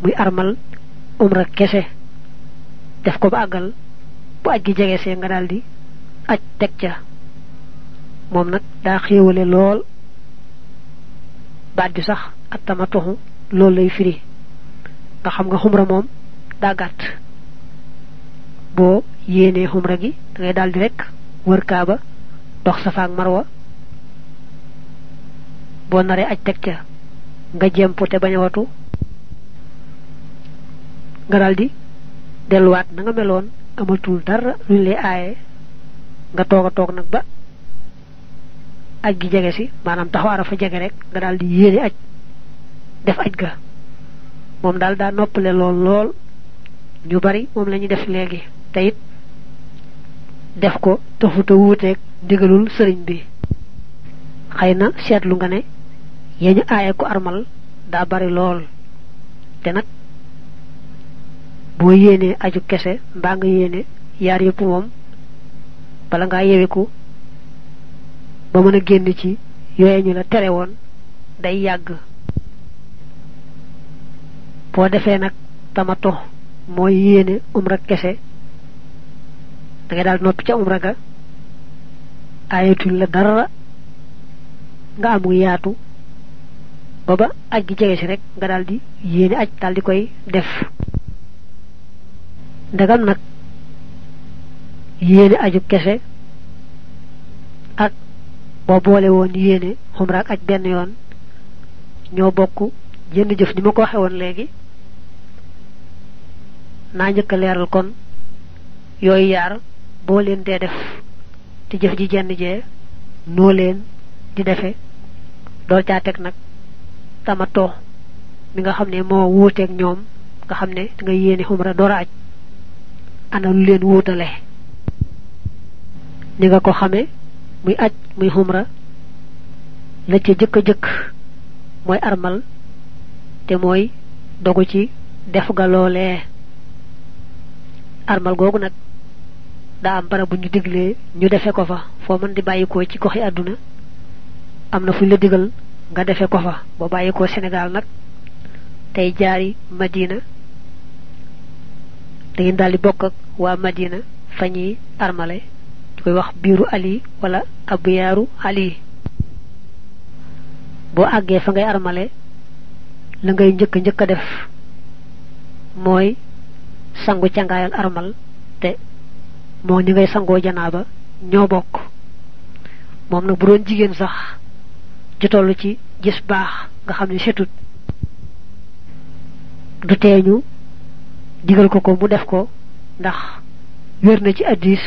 muy armal umra kese def ko ba àggal bu aj gi jege see nga daal aj teg ca moom nag daa xéewale lool baat bi sax ak tamatoxu loolu lay firi te xam nga xumra moom daa gàtt boo yéenee xumra gi da ngay daldi rek wër kaaba dox safa marwa boo naree aj teg ca nga jempu te bañ a watu nga daldi delluwaat na nga meloon amatul dara ñu lay aaye nga toog a toog nag ba aj gi jege si maanaam taxawaara fa jege rek nga daldi yéene aj def aj ga moom daal daa noppale lool lool ñu bari moom la def léegi te def ko taxuta wuuteeg digalul sëriñ bi xëy na seetlu nga ne yañu aaye ko armal daa bari lool te nag boo yéenee aju kese mbaa nga yéene yaar yëpp moom bala ngaa yeweku ba mën a génn ci yooye ñu la tere woon day yàgg boo defee nag tamato mooy yéene umra kese da dal daal noppi ca umra ga aayatul la dara nga amu yaatu ba ba aj gi jege si rek nga daal di yéene aj daal koy def ndagam nag yéene aju kese ak boo boole woon yéene umra ak aj benn yoon ñoo bokk jënd jëf ni ma ko waxe woon léegi naa njëkk a leeral kon yooyu yaar boo leen dee def te jëf ji jenn jee noo leen di defe door caa teg nag tamatoo mi nga xam ne moo wuuteeg ñoom nga xam ne dangay yéene xumra door a aj ana lu leen wuutale ni nga ko xame muy aj muy xumra la ca jëkka jëkk mooy armal te mooy dogu ci def ga armal googu nag daa am barab bu ñu diglee ñu defe ko fa foo mën di bàyyikoo ci goxi àdduna am na fu ñu la digal nga defe ko fa boo bàyyikoo senegaal nag tey jaari Madina da daldi bokk ak waa Madina fa ñuy armale ñu koy wax biiru Ali wala abyaaru Ali boo àggee fa ngay armale la ngay njëkk njëkk a def mooy sangu cangaayal armal te moo ni ngay sangoo janaaba ñoo bokk moom nag bu doon jigéen sax ju toll ci gis baax nga xam ni setut du teeñu digal ko ko mu def ko ndax wér na ci addis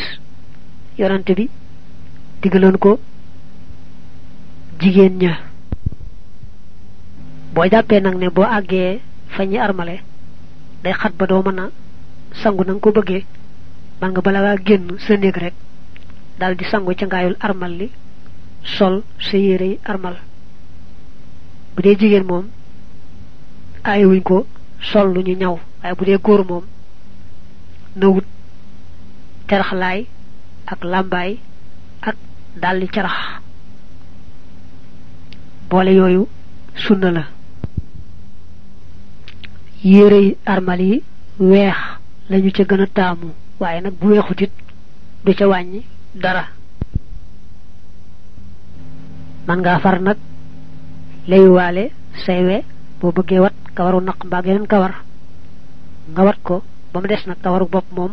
yonante bi digaloon ko jigéen ña boo jàppee nag ne boo àggee fa armale day xat ba doo mën na sangu na nga ko bëggee man nga bala ngaa génn sa néeg rek daal sangu ca ngaayul armal li sol sa yére yi armal bu dee jigéen moom aayewuñ ko sol lu ñu ñaw waaye bu dee góor moom na caraxlaay ak làmbaay ak daldi carax boole yooyu sunna la yére yi armal yi weex lañu ca gën a taamu waaye nag bu weexut it du ca wàññi dara man ngaa far nag layuwaale say we boo bëggee wat kawaru naq mbaa geneen kawar nga wat ko ba mu des nag kawaru bopp moom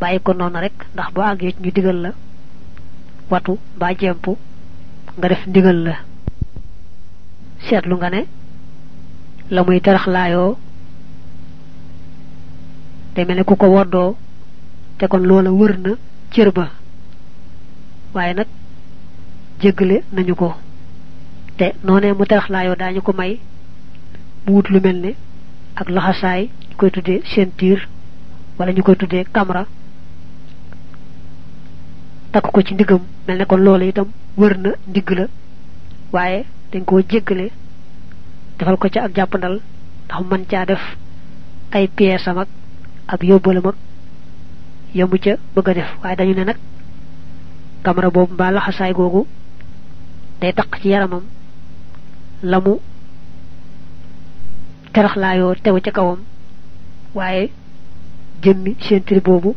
bàyyi ko noonu rekk ndax boo àggee ñu digal la watu mbaa jemp nga def ndigal la seetlu nga ne la muy tarax laayoo day mel ne ku ko woddoo te kon loola wër na cër ba waaye nag jéggale nañu ko te noonee mu tarax laayoo daañu ko may mu wut lu mel ne ak laxasaay ñu koy tuddee ceinture wala ñu koy tuddee camra takk ko ci ndiggam mel ne kon loola itam wër na ndigg la waaye dañ koo jéggale defal ko ca ak jàppandal ndax man caa def ay pièces am ak yóbbalam ak yamu ca bëgg a def waaye dañu ne nag kamara boobu mbaa laxasaay googu day taq ci yaramam lamu mu teraxlaayoo tew ca kawam waaye jëmmi séentiri boobu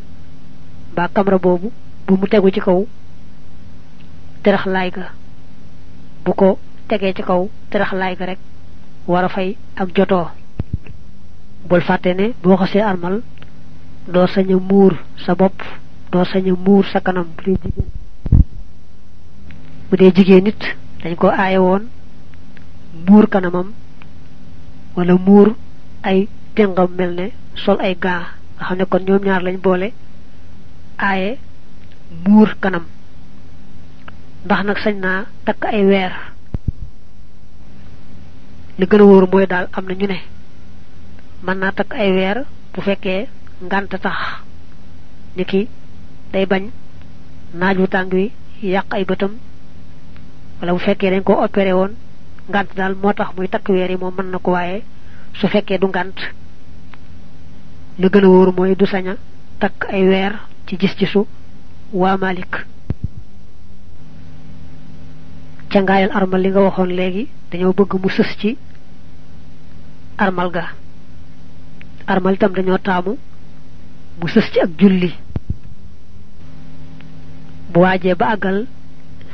mbaa kamara boobu bu mu tegu ci kaw teraxlaay ga bu ko tegee ci kaw teraxlaay ga rek war a fay ak jotoo bul fàtte ne boo xasee armal doo sañ a muur sa bopp doo sañ a muur sa kanam bu dee jigéen nit dañ ko aaye woon muur kanamam wala muur ay tengam mel ne sol ay gaa nga xam ne kon ñoom ñaar lañ boole aaye muur kanam ndax nag sañ naa takk ay weer li gën wóor mooy daal am na ñu ne mën naa takk ay weer bu fekkee ngant tax ni ki day bañ naaj wu tàng wi yàq ay bëtam wala bu fekkee dañ ko opéré woon ngànt daal moo tax muy takk weer yi moom mën na ko waaye su fekkee du ngant lu gën a wóor mooy du saña takk ay weer ci gis-gisu waa Malik ca ngaayal armal li nga waxoon léegi dañoo bëgg mu sës ci armal ga armal itam dañoo taamu bu sës ci ak julli bu waajee ba àggal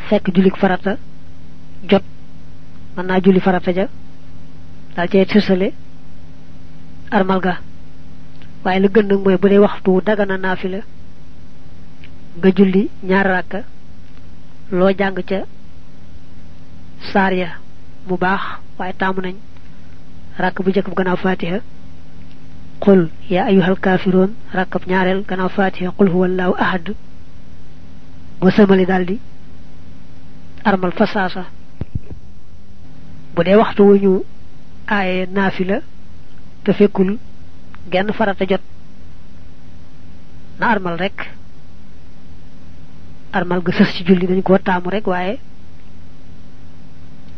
fekk jullik farata jot mën naa julli farata ja daal cee sësale armal ga waaye la gën nag mooy bu dee waxtu dagana naafila nga julli ñaar rakka loo jàng ca saar ya mu baax waaye taamu nañ rakk bu njëkk bu gannaaw faatiha qul yaa ayyuhal kaafiroon rakkab ñaareel gannaaw faatiha qul huwa ahad boo sëlmali daal armal fasaasa bu dee waxtu wu ñu aaye naafila te fekkul genn farata jot na armal rek armal ga sës ci julli dañ koo taamu rek waaye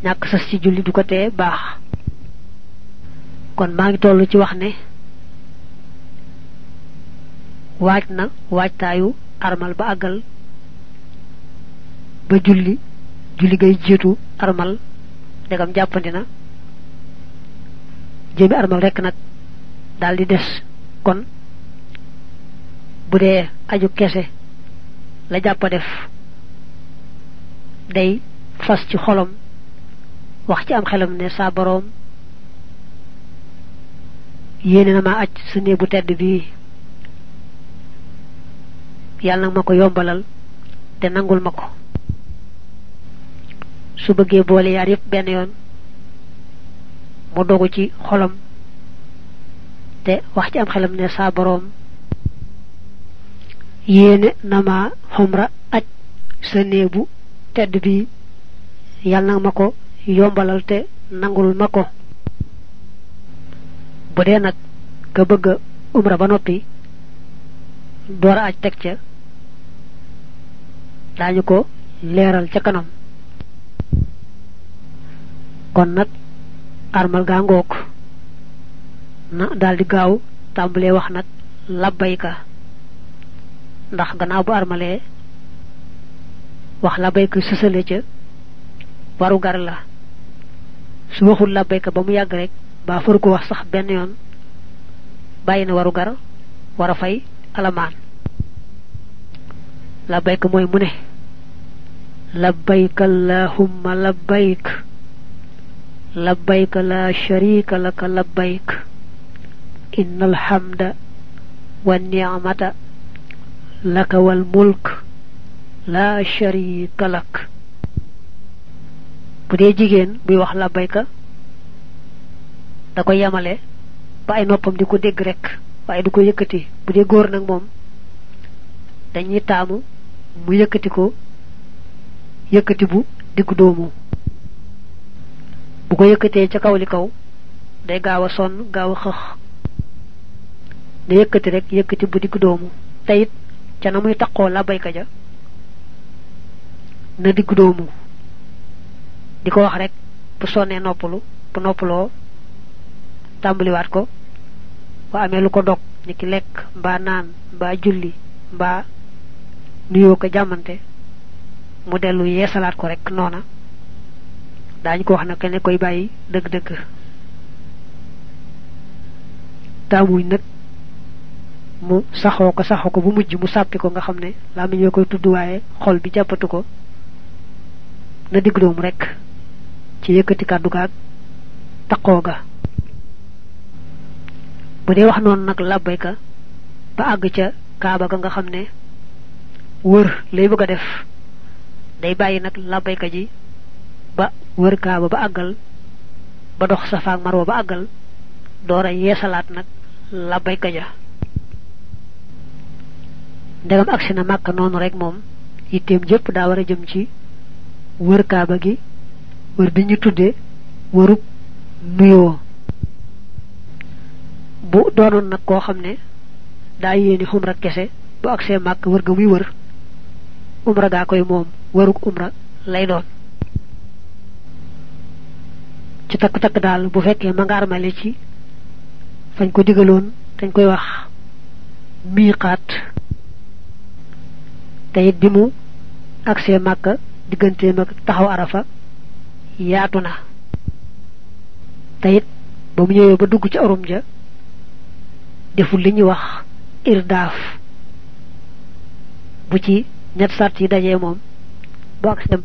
ñàkk sës ci julli du ko tee baax kon maa ngi toll ci wax ne waaj na waajtaayu armal ba àggal ba julli julli ngay jiitu armal ndegam jàppandi na jëmi armal rekk nag daldi di des kon bu dee aju kese la jàppa def day fas ci xolom wax ci am xelam ne saa boroom yéene na ma aj sa néeg bu tedd bii yàlla nag ma ko yombalal te nangul ma ko su bëggee boole yaar yëpp benn yoon mu dogu ci xolom te wax ci am xelam ne saa boroom yéene nama xomra aj sa néebu tedd bi yàlla nag ma ko yombalal te nangul ma ko bu dee nag ka bëgg umra ba noppi door a aj teg ca daañu ko leeral ca kanam kon nag armal gaa ngoog na daldi gaaw tàmbalee wax nag labbayka ndax gannaaw bu armalee wax labbayka sësale ca waru gar la su waxul labbayka ba mu yàgg rek baa faru ko wax sax benn yoon bàyyi na waru gar war a fay alamaan labbayka mooy mu ne labbayka allahumma labbayk labbayka laa sharika laka labbayk inna alhamda wa nicmata laka wal mulk laa sharika lak bu dee jigéen buy wax labbayka da ko yamale ba ay noppam di ko dégg rek waaye di ko yëkkati bu dee góor nag moom dañuy taamu mu yëkkati ko yëkkati bu diggu doomu bu ko yëkkatee ca kaw li kaw day gaaw a sonn gaaw a xëx na yëkkati rek yëkkati bu diggu doomu teyit ca na muy taqoo la bayka ja na diggu doomu di ko wax rek bu sonnee noppalu bu noppaloo tàmbaliwaat ko ba amee lu ko dog ni ki lekk mbaa naan mbaa julli mbaa nuyoo ko jàmmante mu dellu salaat ko rek noona daañ ko wax na kenn koy bàyyi dëgg-dëgg taamuñ nag mu saxoo ko saxoo ko bu mujj mu sàppi ko nga xam ne laa mi koy tudd waaye xol bi jàppatu ko na digg doom rek ci yëkkati kàddu gaag taqoo ga bu dee wax noonu nag làbbay ka ba àgg ca kaaba ga nga xam ne wër lay bëgg def day bàyyi nag labbayka ji ba wër kaaba ba àggal ba dox safaak marwa ba àggal door a yeesalaat nag labbayka ja ndegam agsi na màkka noonu rekk moom yitteem yépp daa war a jëm ci wër kaaba gi wër bi ñu tuddee wërub nuyoo bu doonoon nag koo xam ne daa yéeni xumra kese bu agsee màkk wër ga muy wër umra gaa koy moom warug umra lay doon ci takk-takk daal bu fekkee ma nga ci fañ ko digaloon dañ koy wax miiqaat te it bi mu agsee màkka digganteem ak taxaw arafa yaatu na te it ba mu ñëwee ba dugg ci arum ja deful li ñuy wax irdaaf bu ci ñett sart yi dajee moom boo ak dem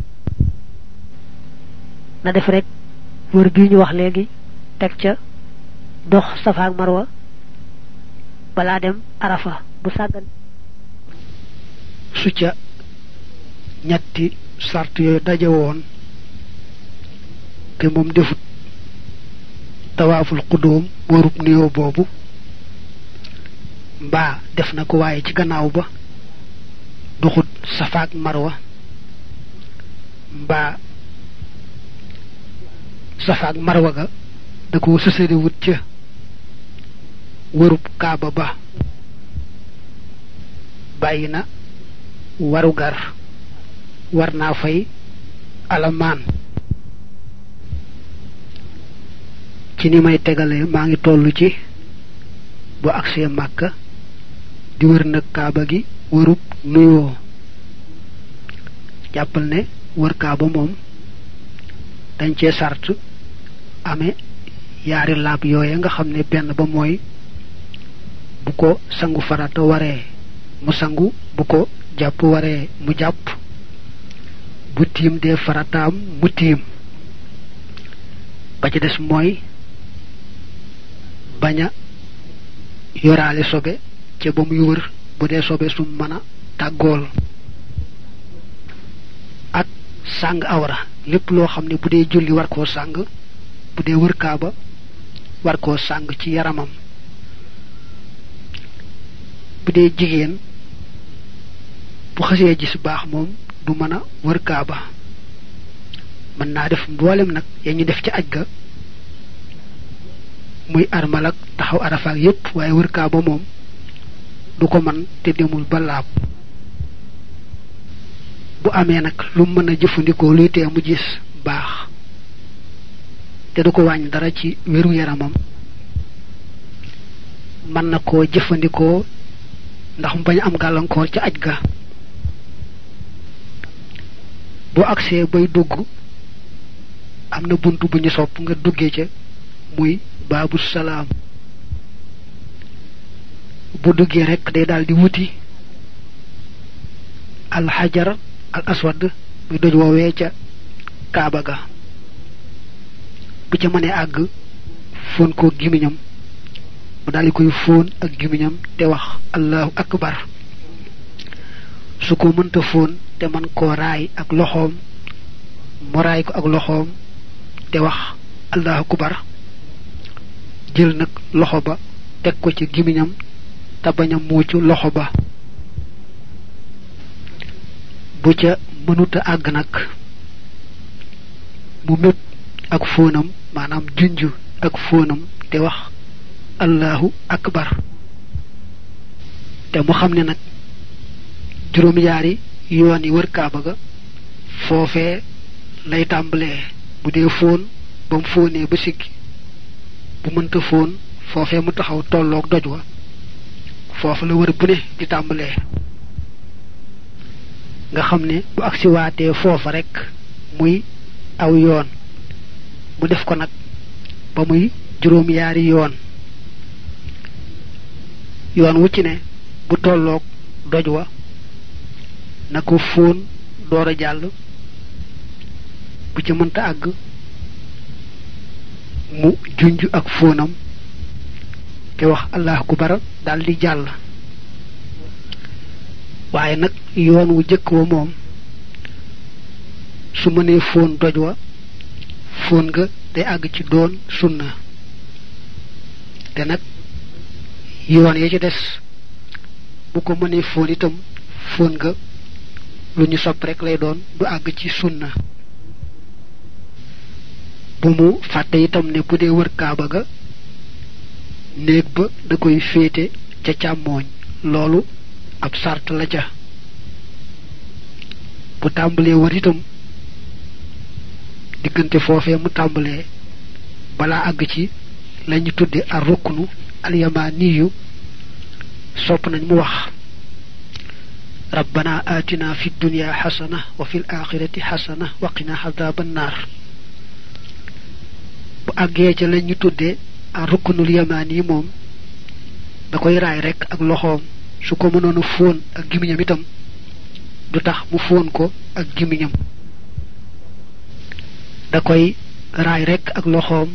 na def rekk wër bii ñu wax léegi teg ca dox safa marwa balaa dem arafa bu sàggan su ca ñetti sart yooyu daje woon te moom defut tawaaful xudóom wërub nuyoo boobu mbaa def na ko waaye ci gannaaw ba duxut safaak marwa mbaa safaak marwa ga da ko sësëri ca wërub kaaba ba bàyyi na warugar war naa fay alamaan ci ni may tegale maa ngi tollu ci bu agsee màkka di wër nag kaaba gi wërub nuyoo jàppal ne wër moom dañ cee sart amee yaari laab yooye nga xam ne benn ba mooy bu ko sangu farata waree mu sangu bu ko jàpp waree mu jàpp bu tiim dee farataam mu tiim ba ci des mooy bañ a yoraale sobe ca ba muy wër bu dee sobe su mën tàggool ak sàng awra lépp loo xam ne bu dee julli war koo sàng bu dee wër kaaba war koo sàng ci yaramam bu dee jigéen bu xësee su baax moom du mën a wër kaaba mën naa def mboolem nag ya ñu def ci aj ga muy armal ak taxaw arafaak yépp waaye wër kaaba moom du ko mën te demul ba bu amee nag lu mën a jëfandikoo luy tee mu gis baax te du ko wàññi dara ci wéru yaramam mën na koo jëfandikoo ndax mu bañ am gàllankoor ca aj ga boo agsee bay dugg am na bunt bu ñu sopp nga duggee ca muy baabu salaam bu duggee rekk day daal di wuti alxajar al aswad muy doj woowee ca kaaba ga bu ca mënee àgg fóon koo gimiñam mu daal koy fóon ak gimiñam te wax allahu akbar su ko mënta fóon te man koo raay ak loxoom mu raay ko ak loxoom te wax allahu akbar jël nag loxo ba teg ko ci gimiñam te bañ a muucu loxo ba bu ca mënuta àgg nag mu mépp ak fóonam maanaam junj ak fóonam te wax allahu akbar te mu xam ne nag juróom-yaari yoon yi wër kaaba ga foofe lay tàmbalee bu dee fóon ba mu fóonee ba siggi bu mënta fóon foofee mu taxaw tolloog doj wa foofu la wër bu ne di tàmbalee nga xam ni bu agsi foofa rekk muy aw yoon mu def ko nag ba muy juróom yaari yoon yoon wu ci ne bu tolloog doj wa na ko fóon door jàll bu ci mënta àgg mu junj ak fóonam te wax allah ku bara daldi jàll waaye nag yoon wu jëkk wa moom su mënee foon doj wa foon nga day àgg ci doon sunna te nag yoon ya ci des bu ko mënee foon itam foon nga lu ñu sopp rekk lay doon du àgg ci sunna bu mu fàtte itam ne bu dee wër kaaba ga néeg ba da koy féete ca càmmooñ loolu ab sart la ca bu tàmbalee war itam diggante foofee mu tàmbalee balaa àgg ci la ñu tudde ar ruknu sopp nañ mu wax rabbana atina fi dunya xasana wa fi l axirati xasana waqina naar bu àggee ca la ñu tudde ar moom da koy raay rek ak loxoom su ko mënoon fóon ak gimiñam itam du tax mu fóon ko ak gémmiñam da koy raay rekk ak loxoom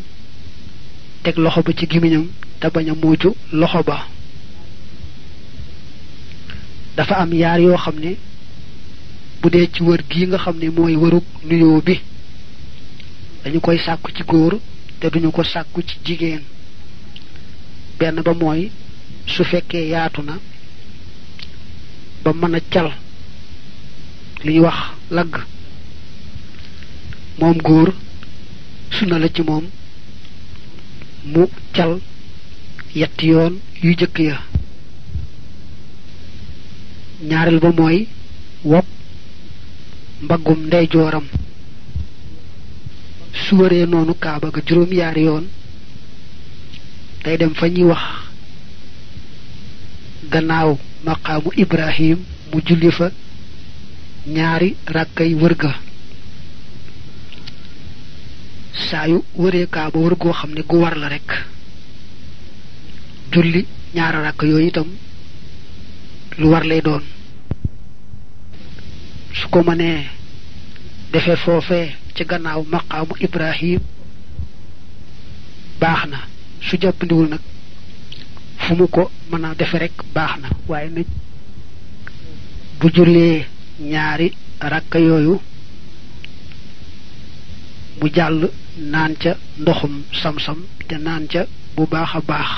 teg loxo ba ci gémmiñam te bañ muucu loxo ba dafa am yaar yoo xam ne bu dee ci wër gii nga xam ne mooy wërug nuyoo bi dañu koy sàkku ci góor te duñu ko sàkku ci jigéen benn ba mooy su fekkee yaatu na ba mën a cal li ñuy wax lagg moom góor sunna la ci moom mu cal yett yoon yu jëkk ya ñaareel ba mooy wopp mbaggum ndeyjooram su wëree noonu kaaba ga juróom yaari yoon day dem fa ñuy wax gannaaw maqaamu ibrahim mu julli fa ñaari rakkay wër ga saa yu wëree wër goo xam ne gu war la rekk julli ñaari rakk yooyu itam lu war lay doon su ko mënee defe foofee ci gannaaw maqaamu Ibrahim baax na su jàppandiwul nag fu mu ko mën a defe rekk baax na waaye nag bu jullee ñaari rakka yooyu mu jàll naan ca ndoxum sam te naan ca bu baax a baax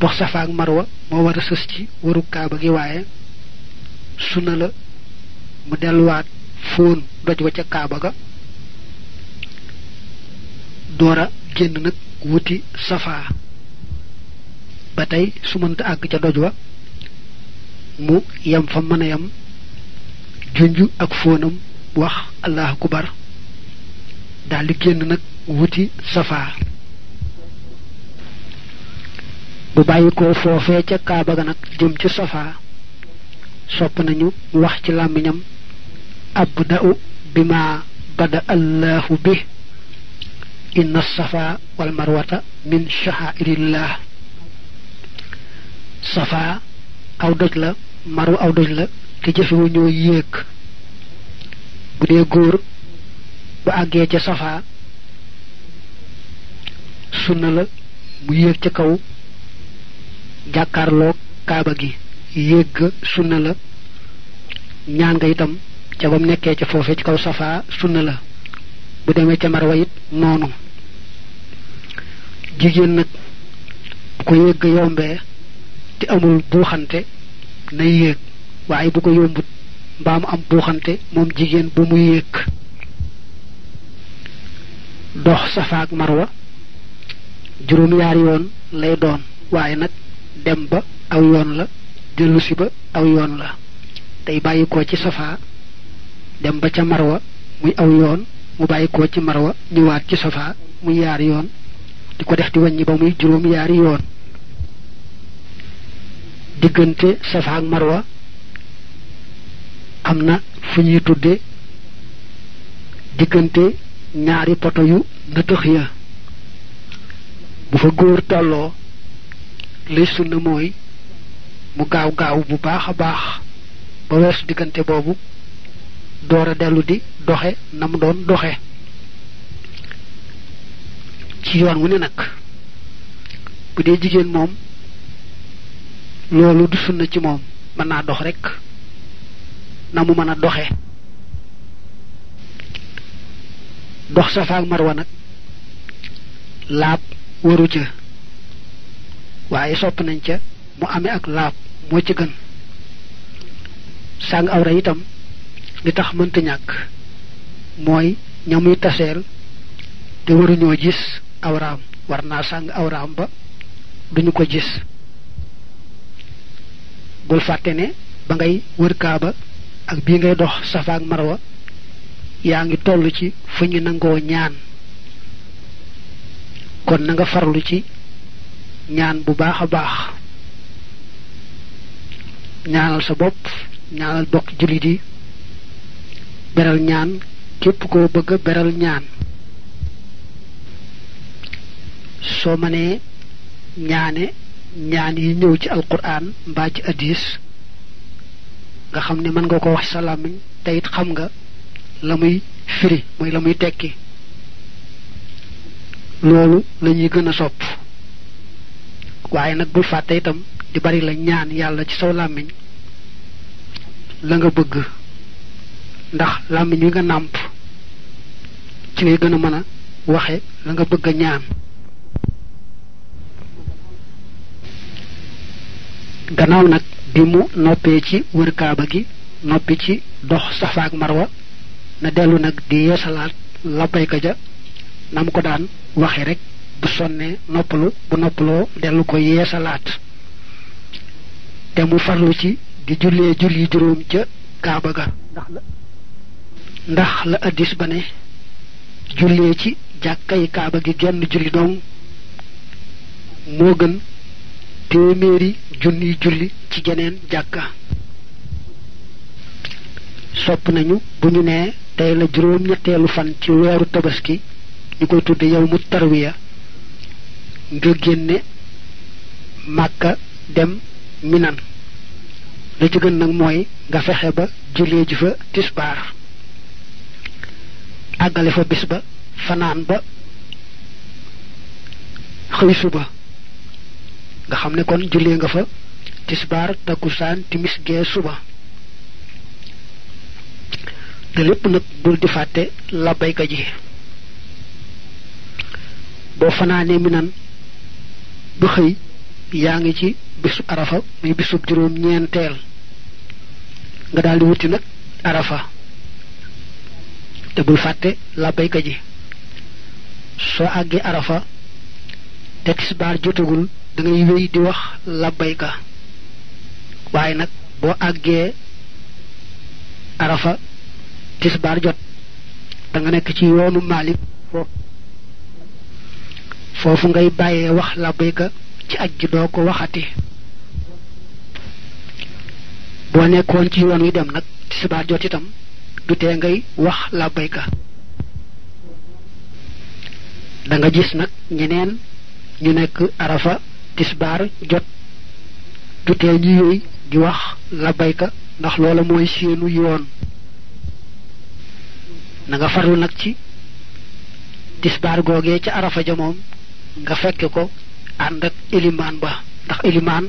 dox safaak marwa moo war a sës ci waru kaaba gi waaye sunna la mu delluwaat fóon doj wa ca kaaba ga door génn nag wuti safaa ba tey su mënta àgg ca doj wa mu yem fa mën a yem junj ak fóonam wax allah kubar daal di génn nag wuti safaa bu bàyyi ko foofee ca kaaba ga nag jëm ci safaa sopp nañu wax ci làmmiñam abda'u bi bada allahu bi inna safa wal marwata min sha'airillah safa aw doj la maru aw doj la te jëfewu ñoo yéeg bu dee góor bu àggee ca safaa sunna la mu yéeg ca kaw jàkkaarloo kaaba gi yéeg ga sunna la ñaan nga itam ca bam nekkee ca foofe ci kaw safaa sunna la bu demee ca marwa it noonu jigéen nag bu ko yéeg yombee te amul buuxante na yéeg waaye bu ko yombut mbaa mu am buuxante moom jigéen bu muy yéeg dox safaak marwa juróom yaari yoon lay doon waaye nag dem ba aw yoon la dellusi ba aw yoon la tey bàyyi ci safa dem ba ca marwa muy aw yoon mu bàyyi ko ci marwa ñëwaat ci safaa muy yaar yoon di ko def di wàññi ba muy juróom yaari yoon diggante safa ak marwa am na fu ñuy tudde diggante ñaari poto yu nëtëx ya bu fa góor tolloo lay sunna mooy mu gaaw gaaw bu baax a baax ba weesu diggante boobu door a dellu di doxe na mu doon doxe ci yoon wu ne nag bu dee jigéen moom loolu du sunna ci moom mën naa dox rek na mu mën a doxe dox safa ak marwa nag laab waru ca waaye sopp nañ ca mu amee ak laab moo ci gën sàng awra itam li tax mënta ñàkk mooy ñamuy taseel te waruñoo gis awraam war naa sàng awraam ba duñu ko gis bul fàtte ne ba ngay wër kaaba ak bii ngay dox safa marwa yaa ngi tollu ci fu nangoo ñaan kon na nga farlu ci ñaan bu baax a baax ñaanal sa bopp ñaanal bokk jullit yi beral ñaan képp koo bëgg beral ñaan soo mënee ñaane ñaan yi ñëw ci alquran mbaa ci hadis nga xam ne mën nga ko wax sa làmmiñ te xam nga la muy firi mooy la muy tekki loolu lañuy ñuy gën a sopp waaye nag bul fàtte itam di bari la ñaan yàlla ci saw làmmiñ la nga bëgg ndax làmmiñ wi nga nàmp ci ngay gën a mën a waxe la nga bëgg a ñaan gannaaw nag bi mu noppee ci wër kaaba gi noppi ci dox safa marwa na dellu nag di yeesalaat labbayka ja na ko daan waxe rek bu sonnee noppalu bu noppaloo dellu ko yeesalaat te mu farlu ci di jullee julli juróom ca kaaba ga ndax la ndax la addis ba ne jullee ci jàkkay kaaba gi genn julli dong moo gën téeméeri junni julli ci geneen jàkka sopp nañu bu ñu nee tey la juróom ñetteelu fan ci weeru tabaski ñu koy tudd yow mu tarwiya nga génne màkka dem minan la ci nag mooy nga fexe ba jullee ji fa tisbaar àggale fa bis ba fanaan ba xëy suba nga xam ne kon jullee nga fa tisbaar takkusaan timis gee suba te lépp nag bul di fàtte labbayka ji boo fanaanee mi nan xëy yaa ngi ci bisub arafa muy bisub juróom ñeenteel nga daal wuti nag arafa te bul fàtte labbayka ji soo àggee arafa te tisbaar jotagul dangay ngay di wax labbayka waaye nag boo àggee arafa tisbaar jot danga nekk ci yoonu Maalik foofu ngay bàyyee wax labbayka ci aj ji doo ko waxati boo nekkoon ci yoon wi dem nag tisbaar jot itam du ngay wax labbayka da nga gis nag ñeneen ñu nekk arafa tisbaar jot dutee ñu yooyu di wax labayka ndax loola mooy seenu yoon na farlu nag ci tisbaar googee ca arafa ja moom nga fekke ko ànd ak ilimaan ba ndax ilimaan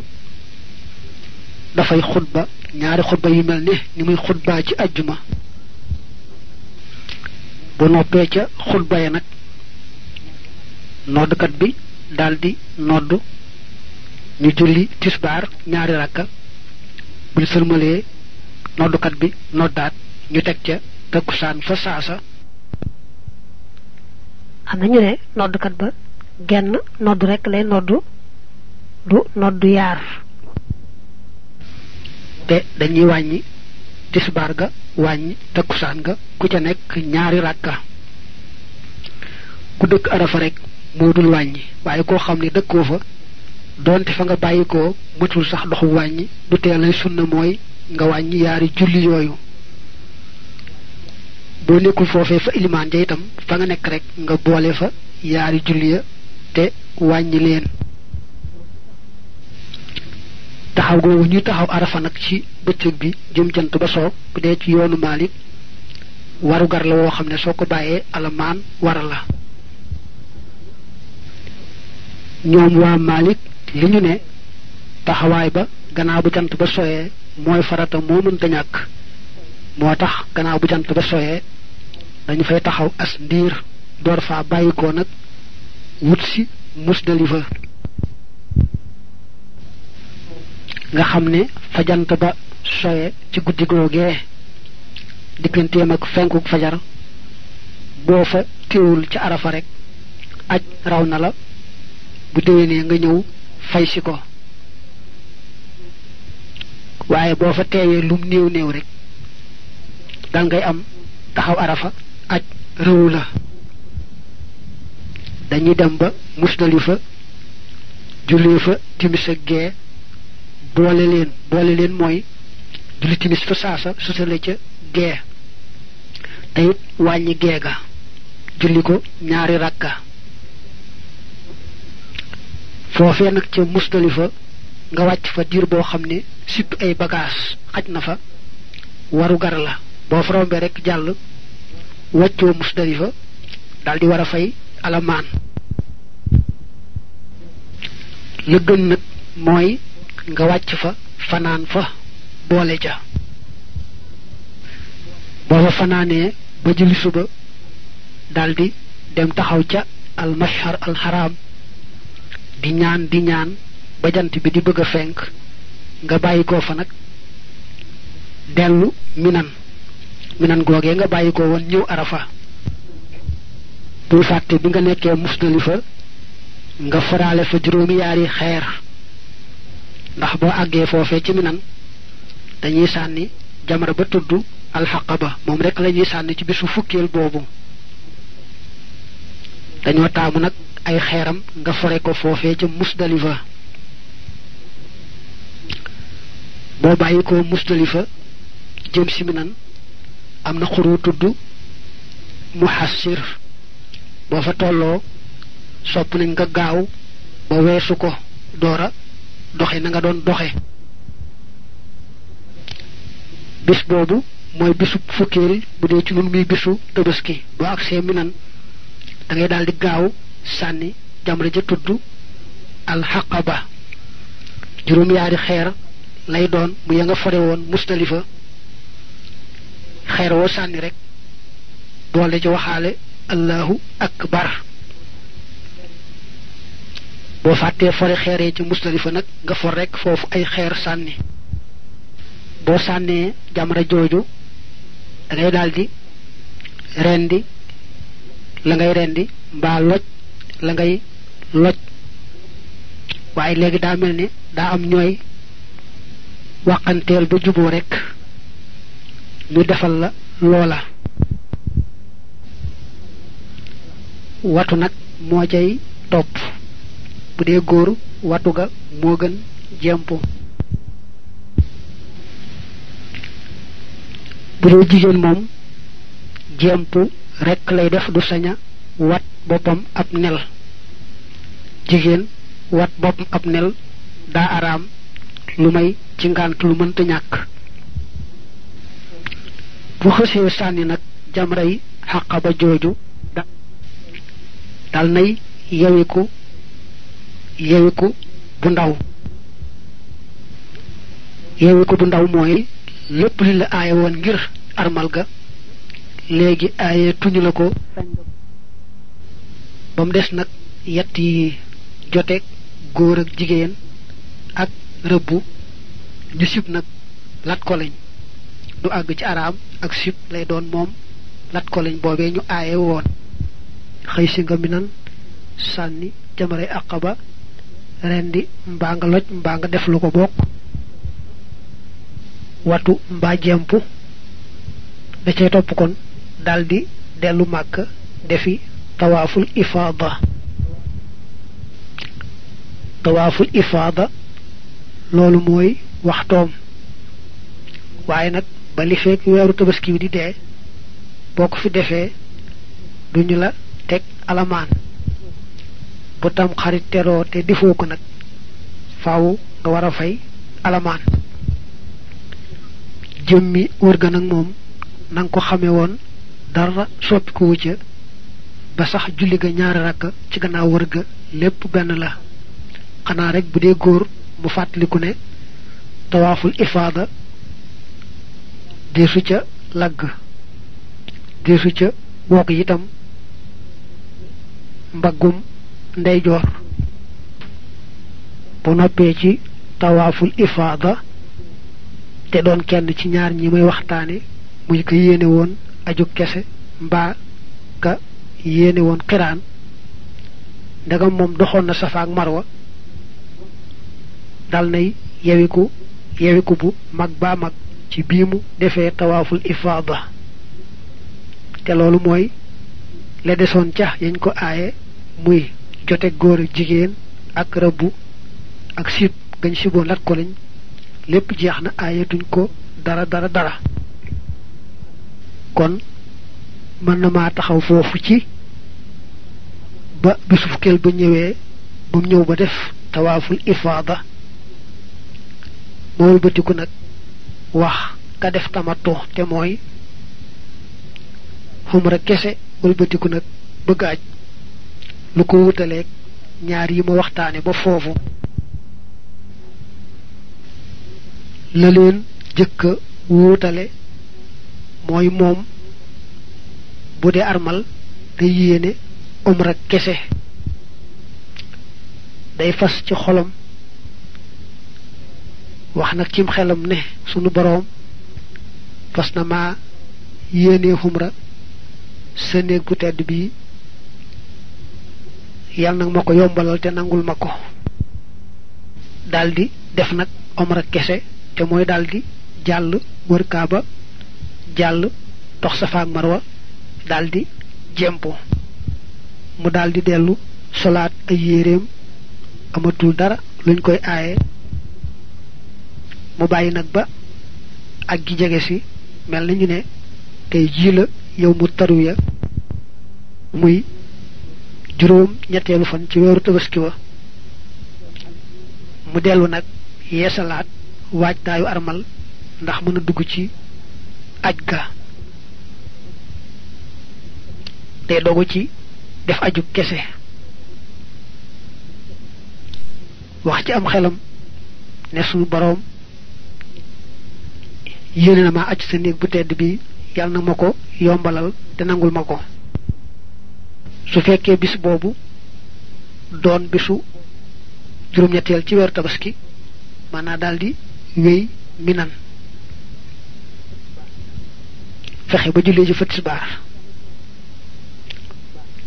dafay xutba ñaari xutba yu mel ni ni muy xutbaa ci ajjuma bu noppee ca xutba ya nag noddkat bi daldi nodd ñu julli tisbaar ñaari rakka buñ sërmalee noddukat bi noddaat ñu teg ca takkusaan fa saasa am na ne noddukat ba genn noddu rekk lay noddu du noddu yaar te dañuy wàññi tisbaar ga wàññi takkusaan ga ku ca nekk ñaari rakka ku dëkk arafa rekk moo dul wàññi waaye koo xam ne dëkkoo fa donte fa nga bàyyi ko mëtul sax ndox wàññi du teel lay sunna mooy nga wàññi yaari julli yooyu boo nekkul foofee fa ilimaan ja itam fa nga nekk rek nga boole fa yaari julli ya te wàññi leen taxaw googu ñuy taxaw arafa nag ci bëccëg bi jëm jant ba soo dee ci yoonu Maalik warugar la woo xam ne soo ko bàyyee alamaan wara la ñoom waa Maalik li ñu ne taxawaay ba gannaaw bu jant ba soyee mooy farata moo mënta ñàkk moo tax gannaaw bu jant ba soyee dañu fay taxaw as ndiir door faa bàyyikoo nag wut si musdalifa nga xam ne fa jant ba soye ci guddi googee digganteem ak fenkuk fajar boo fa teewul ci arafa rek aj raw na la bu déwénee nga ñëw fay si ko waaye boo fa teewee lum néew néew rek dangay am taxaw arafa aj rëwu la dañuy dem ba musdalifa jullee fa timis ak gee boole leen boole leen mooy julli timis fa saasa sutale ca gee te wàññi gee ga julli ko ñaari rakka foofee nag ca musdalifa nga wàcc fa diir boo xam ne sipp ay bagage xaj na fa waru gar la boo fa rekk jàll wàccoo musdalifa daal di war a fay alamaan la gën nag mooy nga wàcc fa fanaan fa boole ja boo fa fanaanee ba jëli suba daal di dem taxaw ca almashar alxaraam di ñaan di ñaan ba bi di bëgg a fenk nga bàyyi ko fa nag dellu minan minan googee nga bàyyi ko woon ñëw arafa bul fàtte bi nga nekkee musdalifa nga faraale fa juróomi yaari xeer ndax boo àggee foofee ci minan dañuy sànni jamara ba tudd alxaqaba moom rek la ñuy sànni ci bisu fukkeel boobu dañoo taamu nag ay xeeram nga fore ko foofee ca musdalifa boo bàyyi ko musdalifa jëm minan am na xuru tudd muhassir boo fa tolloo sopp nañ nga gaaw ba weesu ko doora doxe nanga doon doxe bis boobu mooy bisu fukkeel bu dee ci nun muy bisu tabaski boo agsee minan da ngay gaaw sànni jamra ja tudd alxaqaba juróom-yaari xeer lay doon mu ya nga fore woon musdalifa xeer woo sànni rek boole ci waxaale allahu akbar boo fàttee fore xeeree ci musdalifa nag nga for rek foofu ay xeer sànni boo sànnee jamra jooju da daldi rendi la ngay rendi mbaa loj la ngay loj waaye léegi daa mel ni daa am ñooy waqanteel ba juboo rekk ñu defal la loola watu nag moo cay topp bu dee góor watu ga moo gën jemp bu dee jigéen moom jemp rekk lay def du saña wat boppam ab nel jigéen wat bopp ab nel daa araam lu may ci ngànt lu mënta ñàkk bu xësee sànni nag jamray xàqa ba jooju da dal nay yewiku yewiku bu ndaw yewiku bu ndaw mooy lépp li la aaye woon ngir armal ga léegi aaye tuñu la ko ba mu des nag yett yi jote góor ak jigéen ak rëbbu ñu sib nag lat lañ du àgg ci araam ak sib lay doon moom lat ko lañ boobee ñu aaye woon xëy si nga minan sànni jamaray àqaba rendi mbaa nga loj mbaa nga def lu ko bokk watu mbaa jemp da cay topp kon daldi dellu màkk defi tawaaful ifaada tawaaful ifaada loolu mooy waxtoom waaye nag ba li fekk weeru tabaski di dee boo ko fi defee duñu la teg alamaan bu tam xarit te defoo ko nag faw nga war a fay alamaan jëmmi wërga nag moom na ko xamee woon dara soppi ko ba sax julli ga ñaari rakk ci gannaaw wërga lépp benn la xanaa rek bu dee góor mu fàttaliku ne tawaaful ifaada deesu ca lagg deesu ca woq itam mbaggum ndeyjoor bu noppee ci tawaaful ifaada te doon kenn ci ñaar ñi may waxtaane muy ko yéene woon aju kese mbaa ka yéene woon xiraan ndegam moom doxoon na safaak marwa dal nay yewiku yewiku bu mag baa mag ci bii mu defee tawaaful ifaada te loolu mooy la desoon ca yañ ko aaye muy jote góor ak jigéen ak rëbbu ak sib gañ siboon lat ko lépp jeex na aaye duñ ko dara dara dara kon mën na ma taxaw foofu ci ba bisu fukkeel ba ñëwee ba ñëw ba def tawaaful ifaada mu wëlbatiku nag wax ka def tamattu te mooy xumra kese wëlbatiku nag bëgg aj lu ko wutaleeg ñaar yi ma waxtaane ba foofu la leen jëkka wutale mooy moom bu dee armal day yéene umra kese day fas ci xolom wax nag cim xelam ne sunu boroom fas na maa yéenee xumra sa néeg bu tedd bii yàlla nag ma ko yombalal te nangul ma ko daldi def nag omra kese te mooy daldi jàll wër kaaba jàll tox safa marwa daldi jempo mu daldi dellu solaat ay yéreem amatul dara luñ koy aaye mu bàyyi nag ba ak gi jege si mel na ñu ne tey jii yow mu tarwiya muy juróom ñetteelu fan ci weeru tabaski wa mu dellu nag yeesalaat waajtaayu armal ndax mën a dugg ci aj ga day dogu ci def aju kese wax ci am xelam ne sunu boroom yéene na ma aj sa néeg bu tedd bi yàlla na ma ko yombalal te nangul ma ko su fekkee bis boobu doon bisu juróom-ñetteel ci weeru tabaski mën naa daldi wéy minan fexe ba jullee ji fa tisbaar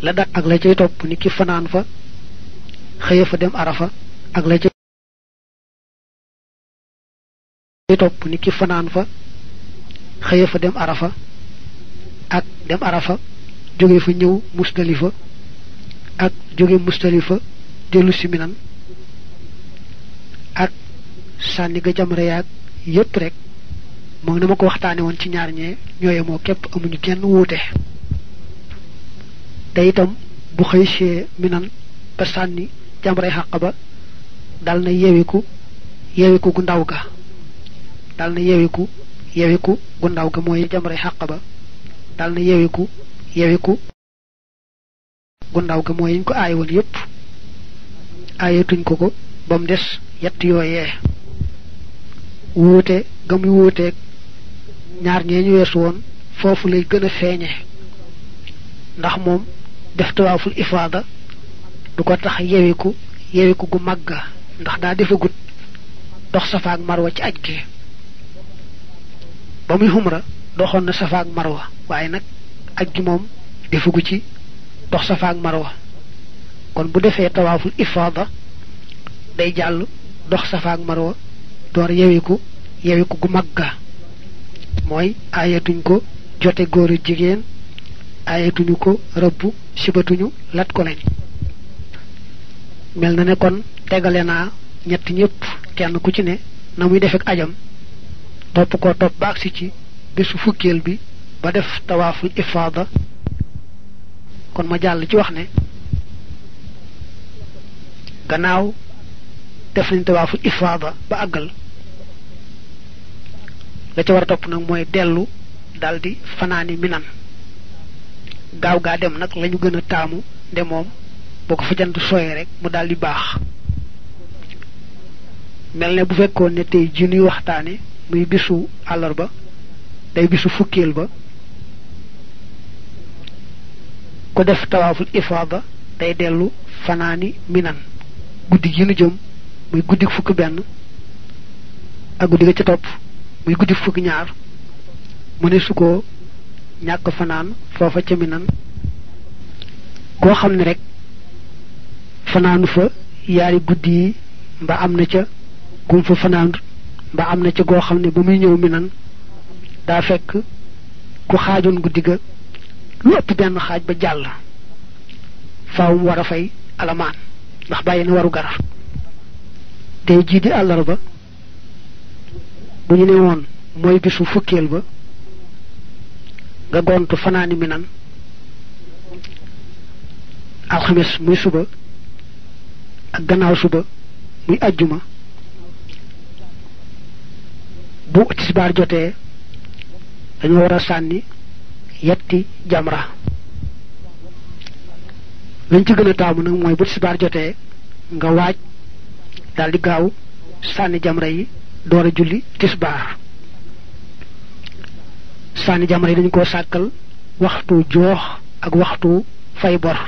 la daq ak la cay topp ni ki fanaan fa xëye fa dem arafa ak la cay day topp ni ki fanaan fa xëye fa dem arafa ak dem arafa jóge fa ñëw musdalifa ak jóge musdalifa dellu si minan ak sànni ga jamre yaag yépp rek moom na ma ko waxtaane woon ci ñaar ñee ñooye moo képp amuñu genn wuute te itam bu xëy see minan ba sànni jamre xàq ba dal na yewiku yewiku ndaw ga dal na yewiku yewiku gu ndaw ga mooy jamre xàq ba dal na yewiku yewiku gu ndaw ga mooy yiñ ko aay woon yépp aayatuñ ko ko ba mu des yett yooyee wuute ga muy wuuteeg ñaar ñee ñu weesu woon foofu lay gën a feeñe ndax moom def tawaaful ifaada du ko tax yewiku yewiku gu màgga ndax daa defagut dox safaak marwa ci aj gi ba muy xumra doxoon na safa ak marwa waaye nag aj gi moom defagu ci dox safaag marwa kon bu defee tawaaful ifaada day jàll dox safa marwa door yewiku yewiku gu mag magga mooy aayatuñ ko jote góor a jigéen aayatuñu ko rëbb sibatuñu lat ko mel na ne kon tegale naa ñett ñëpp kenn ku ci ne na muy defek ajam topp ko topp baax si ci bésu fukkeel bi ba def tawaaful ifaada kon ma jàll ci wax ne gannaaw def nañ tawaaful ifaada ba àggal la ca war topp nag mooy dellu daldi fanaani minan gaaw gaa dem nag lañu gën a taamu nde moom boo ko fa sooyee rek mu daldi baax mel ne bu fekkoon ne tey ji nuy waxtaane muy bisu àllarba day bisu fukkil ba ko def tawaaful ifaada day dellu fanaani minan guddi gi nu jëm muy guddi fukk benn ak guddi ga ca topp muy guddi fukk ñaar mu su ko ñàkk fanaan foofa ca minan koo xam ne rekk fanaanu fa yaari guddi yi mba am na ca kum fa fanaanut ba am na ci goo xam ne bu muy ñëw mi daa fekk ku xaajoon guddi ga lu ëpp benn xaaj ba jàll faaw mu war a fay alamaan ndax bàyyi na waru gara tey jii di àllarba bu ñu ne woon mooy bisu fukkeel ba nga gontu fanaani mi nan muy suba ak gannaaw suba muy ajjuma bu tisbaar jotee dañoo war a sànni yetti jamra lañ ci gën a taamu nag mooy bu tisbaar jotee nga waaj daldi di gaaw sànni jamra yi door a julli tisbaar sànni jamra yi dañ koo sàkkal waxtu joox ak waxtu fay bor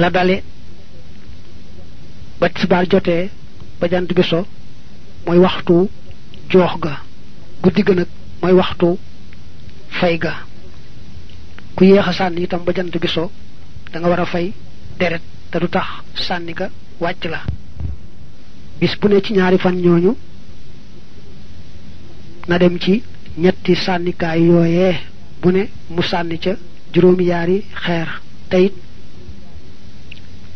la dale ba tisbaar jotee ba jant bi mooy waxtu joox ga guddi ga mooy waxtu fay ga ku yéex a sànni itam ba jant bi danga da nga war a fay deret te du tax sànni ka wàcc la bis bu ne ci ñaari fan ñooñu na dem ci ñetti sànnikaay yooye bu ne mu sànni ca juróomi yaari xeer teyit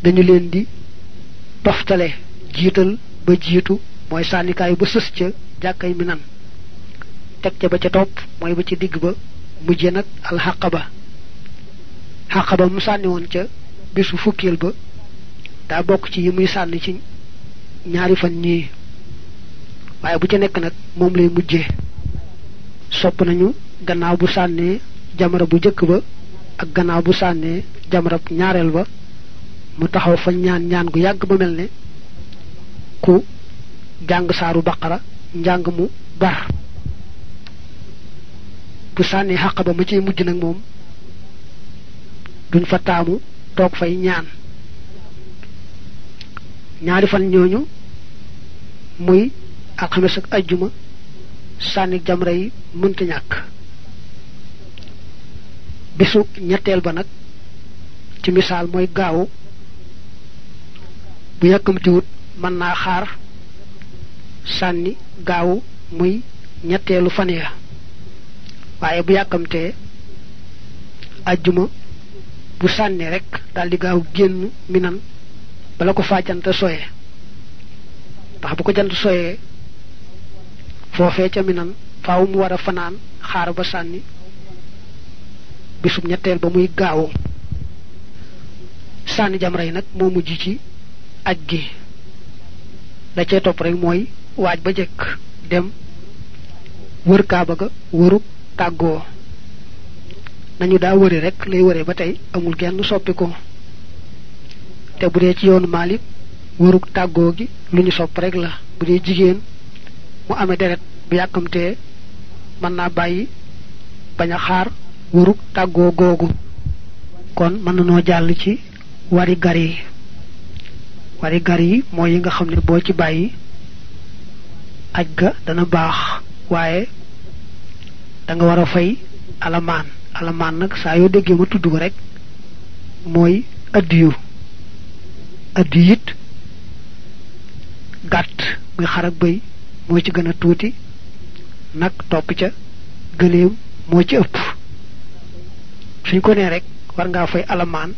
dañu leen di toftale jiital ba jiitu mooy sànnikaayu ba sës ca jàkkay mi nan teg ca ba ca topp mooy ba ca digg ba mujje nag alxaqaba xaqaba mu sànni ca bisu fukkeel ba daa bokk ci yi muy sànni ci ñaari fan ñii waaye bu ca nekk nag moom lay mujjee sopp nañu gannaaw bu sànnee jamara bu jëkk ba ak gannaaw bu sànnee jamarab ñaareel ba mu taxaw fa ñaan ñaan gu yàgg ba mel ne ku jàng saaru baqara njàng mu bar bu sànni xaq ba ma ciy mujj nag moom duñ fa taamu toog fay ñaan ñaari fan ñooñu muy alxames ak ajjuma sànni jamra yi mënta ñàkk bisu ñetteel ba nag ci misaal mooy gaawu bu yàkkamtiwut mën naa xaar sànni gaawu muy ñetteelu fan ya waaye bu yàkkamtee ajjuma bu sànni rekk daldi gaaw génn minan bala ko faa jant soyee ndax bu ko jant soyee foofee ca minan faaw mu wara fanaan xaar ba sànni bisub ñetteel ba muy gaawu sànni jamra yi nag moo mujj ci aj gi da cee topp rek mooy waaj ba jëkk dem wër kaaba ga wëru tàggoo nañu daa wëri rek lay wëree ba tey amul genn soppi ko te bu dee ci yoonu Maalik wëru tàggoo gi lu ñu sopp rek la bu dee jigéen mu amee deret bu yàkkamtee mën naa bàyyi bañ a xaar wëru tàggoo googu kon mën na noo jàll ci wari gar yi wari gar yi mooy yi nga xam ne boo ci bàyyi aj ga dana baax waaye danga nga war a fay alamaan alamaan nag saa yoo déggee ma tudd ko rek mooy addiyu addi gàtt muy xar ak bëy moo ci gën a tuuti nag topp ca gëléem moo ci ëpp suñ ko nee rek war ngaa fay alamaan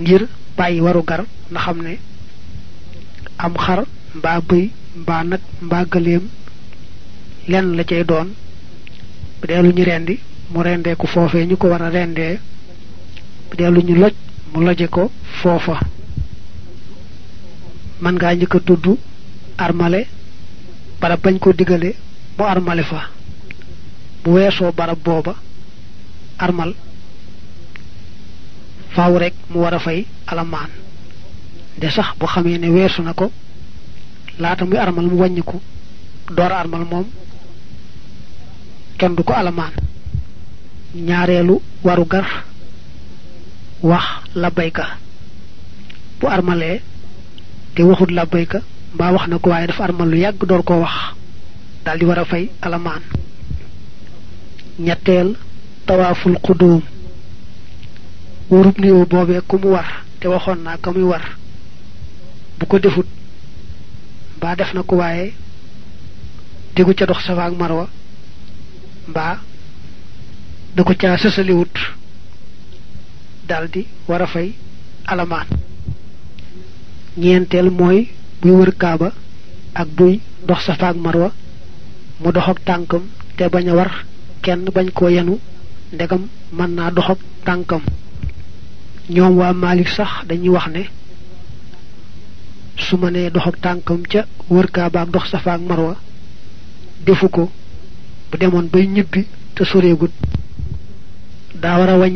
ngir bàyyi waru gar na xam ne am xar mbaa bëy mbaa nag mbaa gëléem lenn la cay doon bu dee lu ñu rendi mu rendee ko foofee ñu ko war a rendee bu dee lu ñu loj mu loje ko foofa man ngaa njëkk a tudd armale barab bañ koo diggale mu armale fa bu weesoo barab booba armal faaw rekk mu war a fay alamaan de sax bu xamee ne weesu na ko laata muy armal mu wàññiku door armal moom kenn du ko alamaan ñaareelu waru gar wax labbayka bu armalee te waxut labbayka mbaa wax na ko waaye dafa armal lu yàgg door koo wax daldi di war a fay alamaan ñetteel tawaaful xudduum wërub nuyoo boobee ku mu war te waxoon naa ko muy war bu ko defut mbaa def na ko waaye tegu ca dox safa ak marwa mbaa da ca caa sësaliwut daldi war a fay alamaan ñeenteel mooy buy wër kaaba ak buy dox safa ak marwa mu dox ak tànkam te bañ a war kenn bañ koo yenu ndegam mën naa dox tànkam ñoom waa Malik sax dañuy wax ne su ma nee dox ak tànkam ca wërkaaba ak dox safa marwa defu ko bu demoon bay ñibbi te soreegut daa war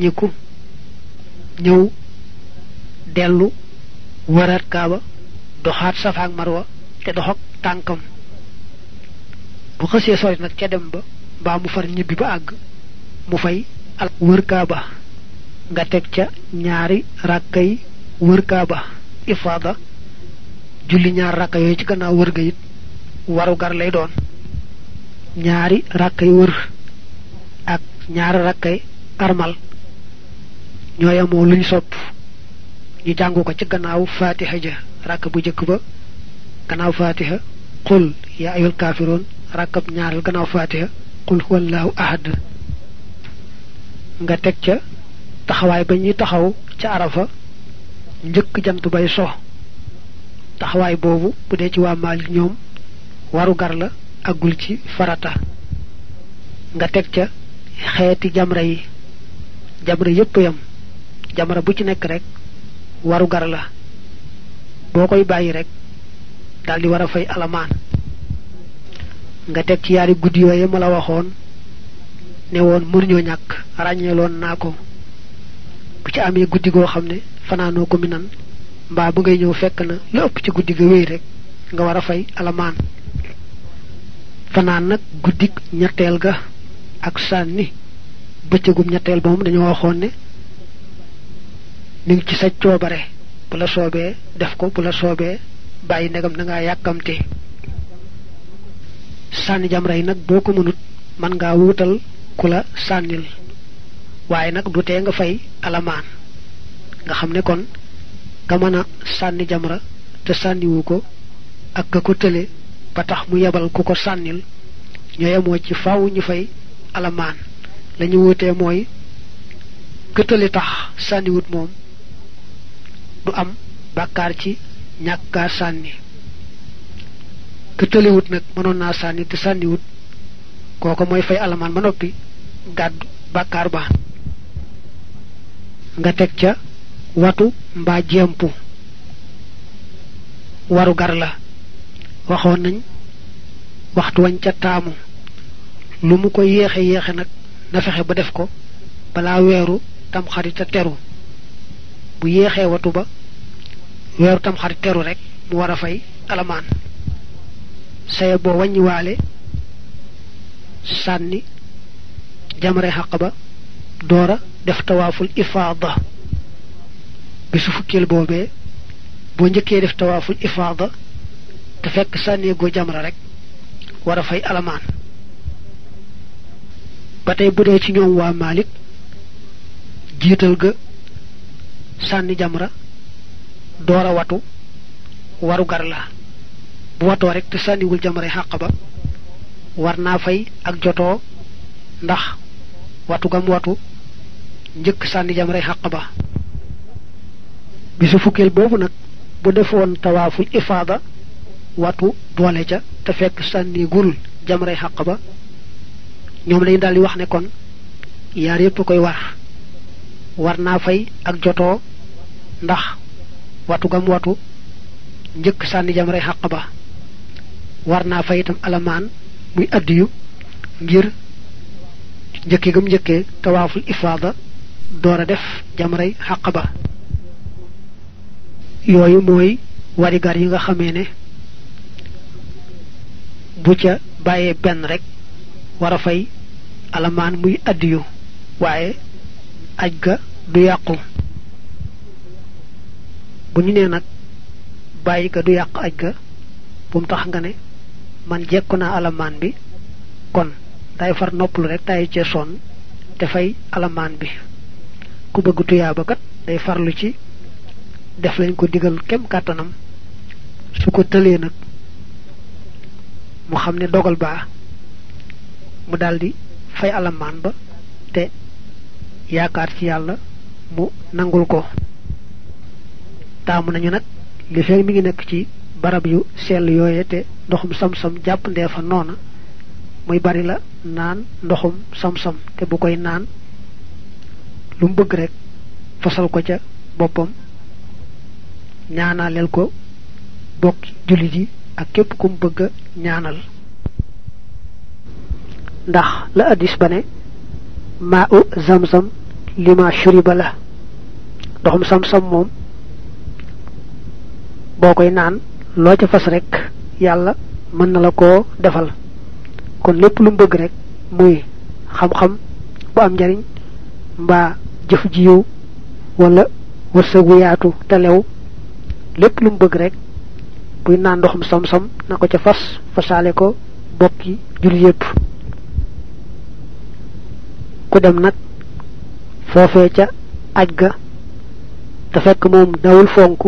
ñëw dellu waraat kaaba doxaat safa ak marwa te dox tànkam bu xësee sori nag ca dem ba mbaa mu far ñibbi ba àgg mu fay al wër nga teg ca ñaari ràkkay wër kaaba ifaada julli ñaar rakka yooyu ci gannaaw wër ga lay doon ñaari rakkay wër ak ñaari rakkay armal ñoo yemoo luñ sopp ñu jàngu ko ci gannaaw fatiha ja ràkk bu jëkk ba gannaaw fatiha qul yaa ayul kaafiroon rakkab ñaaral gannaaw fatiha qul huwallahu ahad nga teg ca taxawaay ba ñuy taxaw ca arafa njëkk jant bay so taxawaay boobu bu dee ci waa Maalik ñoom waru gar la agul ci farata nga teg ca xeeti jamra yi jamra yépp yam jamra bu ci nekk rek waru gar la boo koy bàyyi rek daldi war a fay alamaan nga teg ci yaari guddi yooyu ma la waxoon ne woon mënuñoo ñàkk ràññeeloon naa ko bu ci amee guddi goo xam ne fanaanoo ko mi nan mbaa bu ngay ñëw fekk na la ëpp ci guddi ga wéy rek nga war a fay alamaan fanaan nag guddik ñetteel ga ak sànni bëccëgum ñetteel ba moom dañoo waxoon ne ni ngi ci sa coobare bu la soobee def ko bu la soobee bàyyi ndegam da yàkkamte sànni jamra yi nag boo ko mënut mën ngaa wutal ku la sànnil waaye nag du tee nga fay alamaan nga xam ne kon nga mën a sànni jamra te sànniwu ko ak ka ko tële ba tax mu yebal ku ko sànnil ñoo ci faw ñu fay alamaan lañu wutee mooy ka tax sànniwut moom du am bàkkaar ci ñàkkaa sànni ka tëlewut nag mënoon naa sànni te sànniwut kooko mooy fay alamaan ba noppi gàddu bàkkaar ba nga teg ca watu mbaa jempu waru gar la waxoon nañ waxtu wañ ca taamu lu mu ko yéexe yéexe nag na fexe ba def ko bala weeru tamxarit a teru bu yéexee watu ba weeru tamxarit teru rekk mu war a fay alamaan saye boo wàññiwaale sànni jamare xaq ba doora def tawaaful ifaada bisu fukkeel boobee boo njëkkee def tawaaful ifaada te fekk sànnee goo jamra rek war a fay alamaan ba tey bu dee ci ñoom waa Malik jiital ga sànni jamra door watu waru gar la bu watoo rek te sànniwul jamra xàq ba war naa fay ak joto ndax watu gam watu njëkk sànni jamra yi xàq ba bisu fukkeel boobu nag bu defoon tawaaful ifaada watu boole ca te fekk sànni gul jamray xaq ba ñoom lañu daal di wax nekkoon kon yaar yépp koy war war naa fay ak joto ndax watu gam watu njëkk sànni jamray xaq ba war naa fay itam alamaan muy addiyu ngir njëkke gam njëkkee tawaaful ifaada door a def jamray xaq ba yooyu mooy warigar yi nga xamee ne bu ca bàyyee benn rekk war a fay alamaan muy addiyu waaye aj ga du yàqu bu ñu nee nag bàyyi ga du yàq aj ga bu tax nga ne man jekku naa alamaan bi kon day far noppalu rekk tay ca sonn te fay alamaan bi ku bëgg tuyaaba kat day farlu ci def lañ ko digal kem kàttanam su ko tëlee nag mu xam ne dogal baa mu daldi fay alamaan ba te yaakaar ci yàlla mu nangul ko taamu nañu nag li feeg mi ngi nekk ci barab yu sell yooye te ndoxum sam-sam jàpp ndee fa noona muy bari la naan ndoxum sam te bu koy naan lu mu bëgg rekk fasal ko ca boppam ñaanaleel ko bokki jullit yi ak képp kum mu bëgg a ñaanal ndax la addis ba ne maa u zamzam lima shuriba la ndoxum sam moom boo koy naan loo ca fas rek yàlla mën na la koo defal kon lépp lum bëgg rek muy xam-xam bu am njariñ mbaa jëf jiw wala wërsëgu yaatu te lew lépp lu mu bëgg rek buy naan ndoxum sam-sam na ko ca fas fasaale ko bokki jul yépp ku dem nag foofee ca aj ga te fekk moom dawul fonk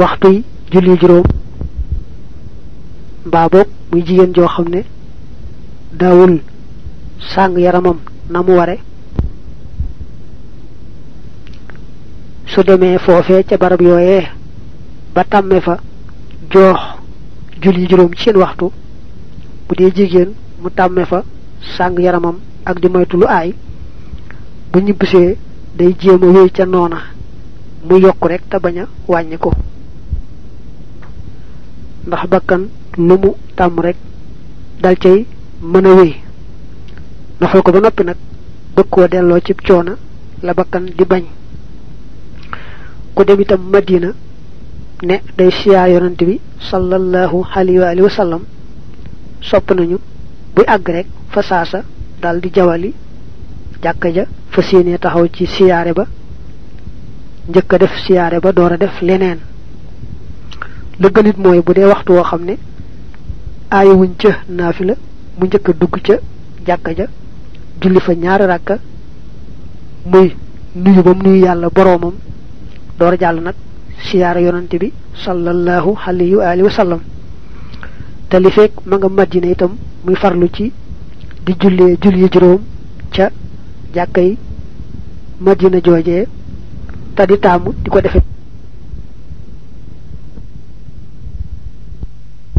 waxtuy julli juróom mbaa boog muy jigéen joo xam ne dawul sàng yaramam na mu ware su demee foofee ca barab yooyee ba tàmmee fa joox julli juróom ci seen waxtu bu dee jigéen mu tàmmee fa sàng yaramam ak di moytu lu aay bu ñibbisee day jéem a wéy ca noona mu yokk rekk te bañ a wàññi ko ndax bakkan lu mu tàmm rekk dal cay mën a wéy doxal ko ba noppi nag bëgg koo delloo cib coono la bakkan di bañ ku dem itam madina ne day siyaa yonent bi sallallahu alayhi wa sopp nañu buy àgg rek fa saasa daal jawali jàkka ja fa séenee taxaw ci siyaare ba njëkk def siyaare ba doora def leneen la gënit mooy bu dee waxtu woo xam ne aayawuñ ca naafila mu njëkk dugg ca jàkka ja julli fa ñaari ràkka muy nuyu ba mu nuyu yàlla boroomam door jàll nag siyaara yonante bi sallallahu alayhi wa alihi te li fekk ma nga Madina itam muy farlu ci di jullee julli juróom ca jàkkay Madina joojee te di taamu di ko defe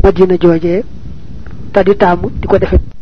Madina joojee te di taamu di ko defe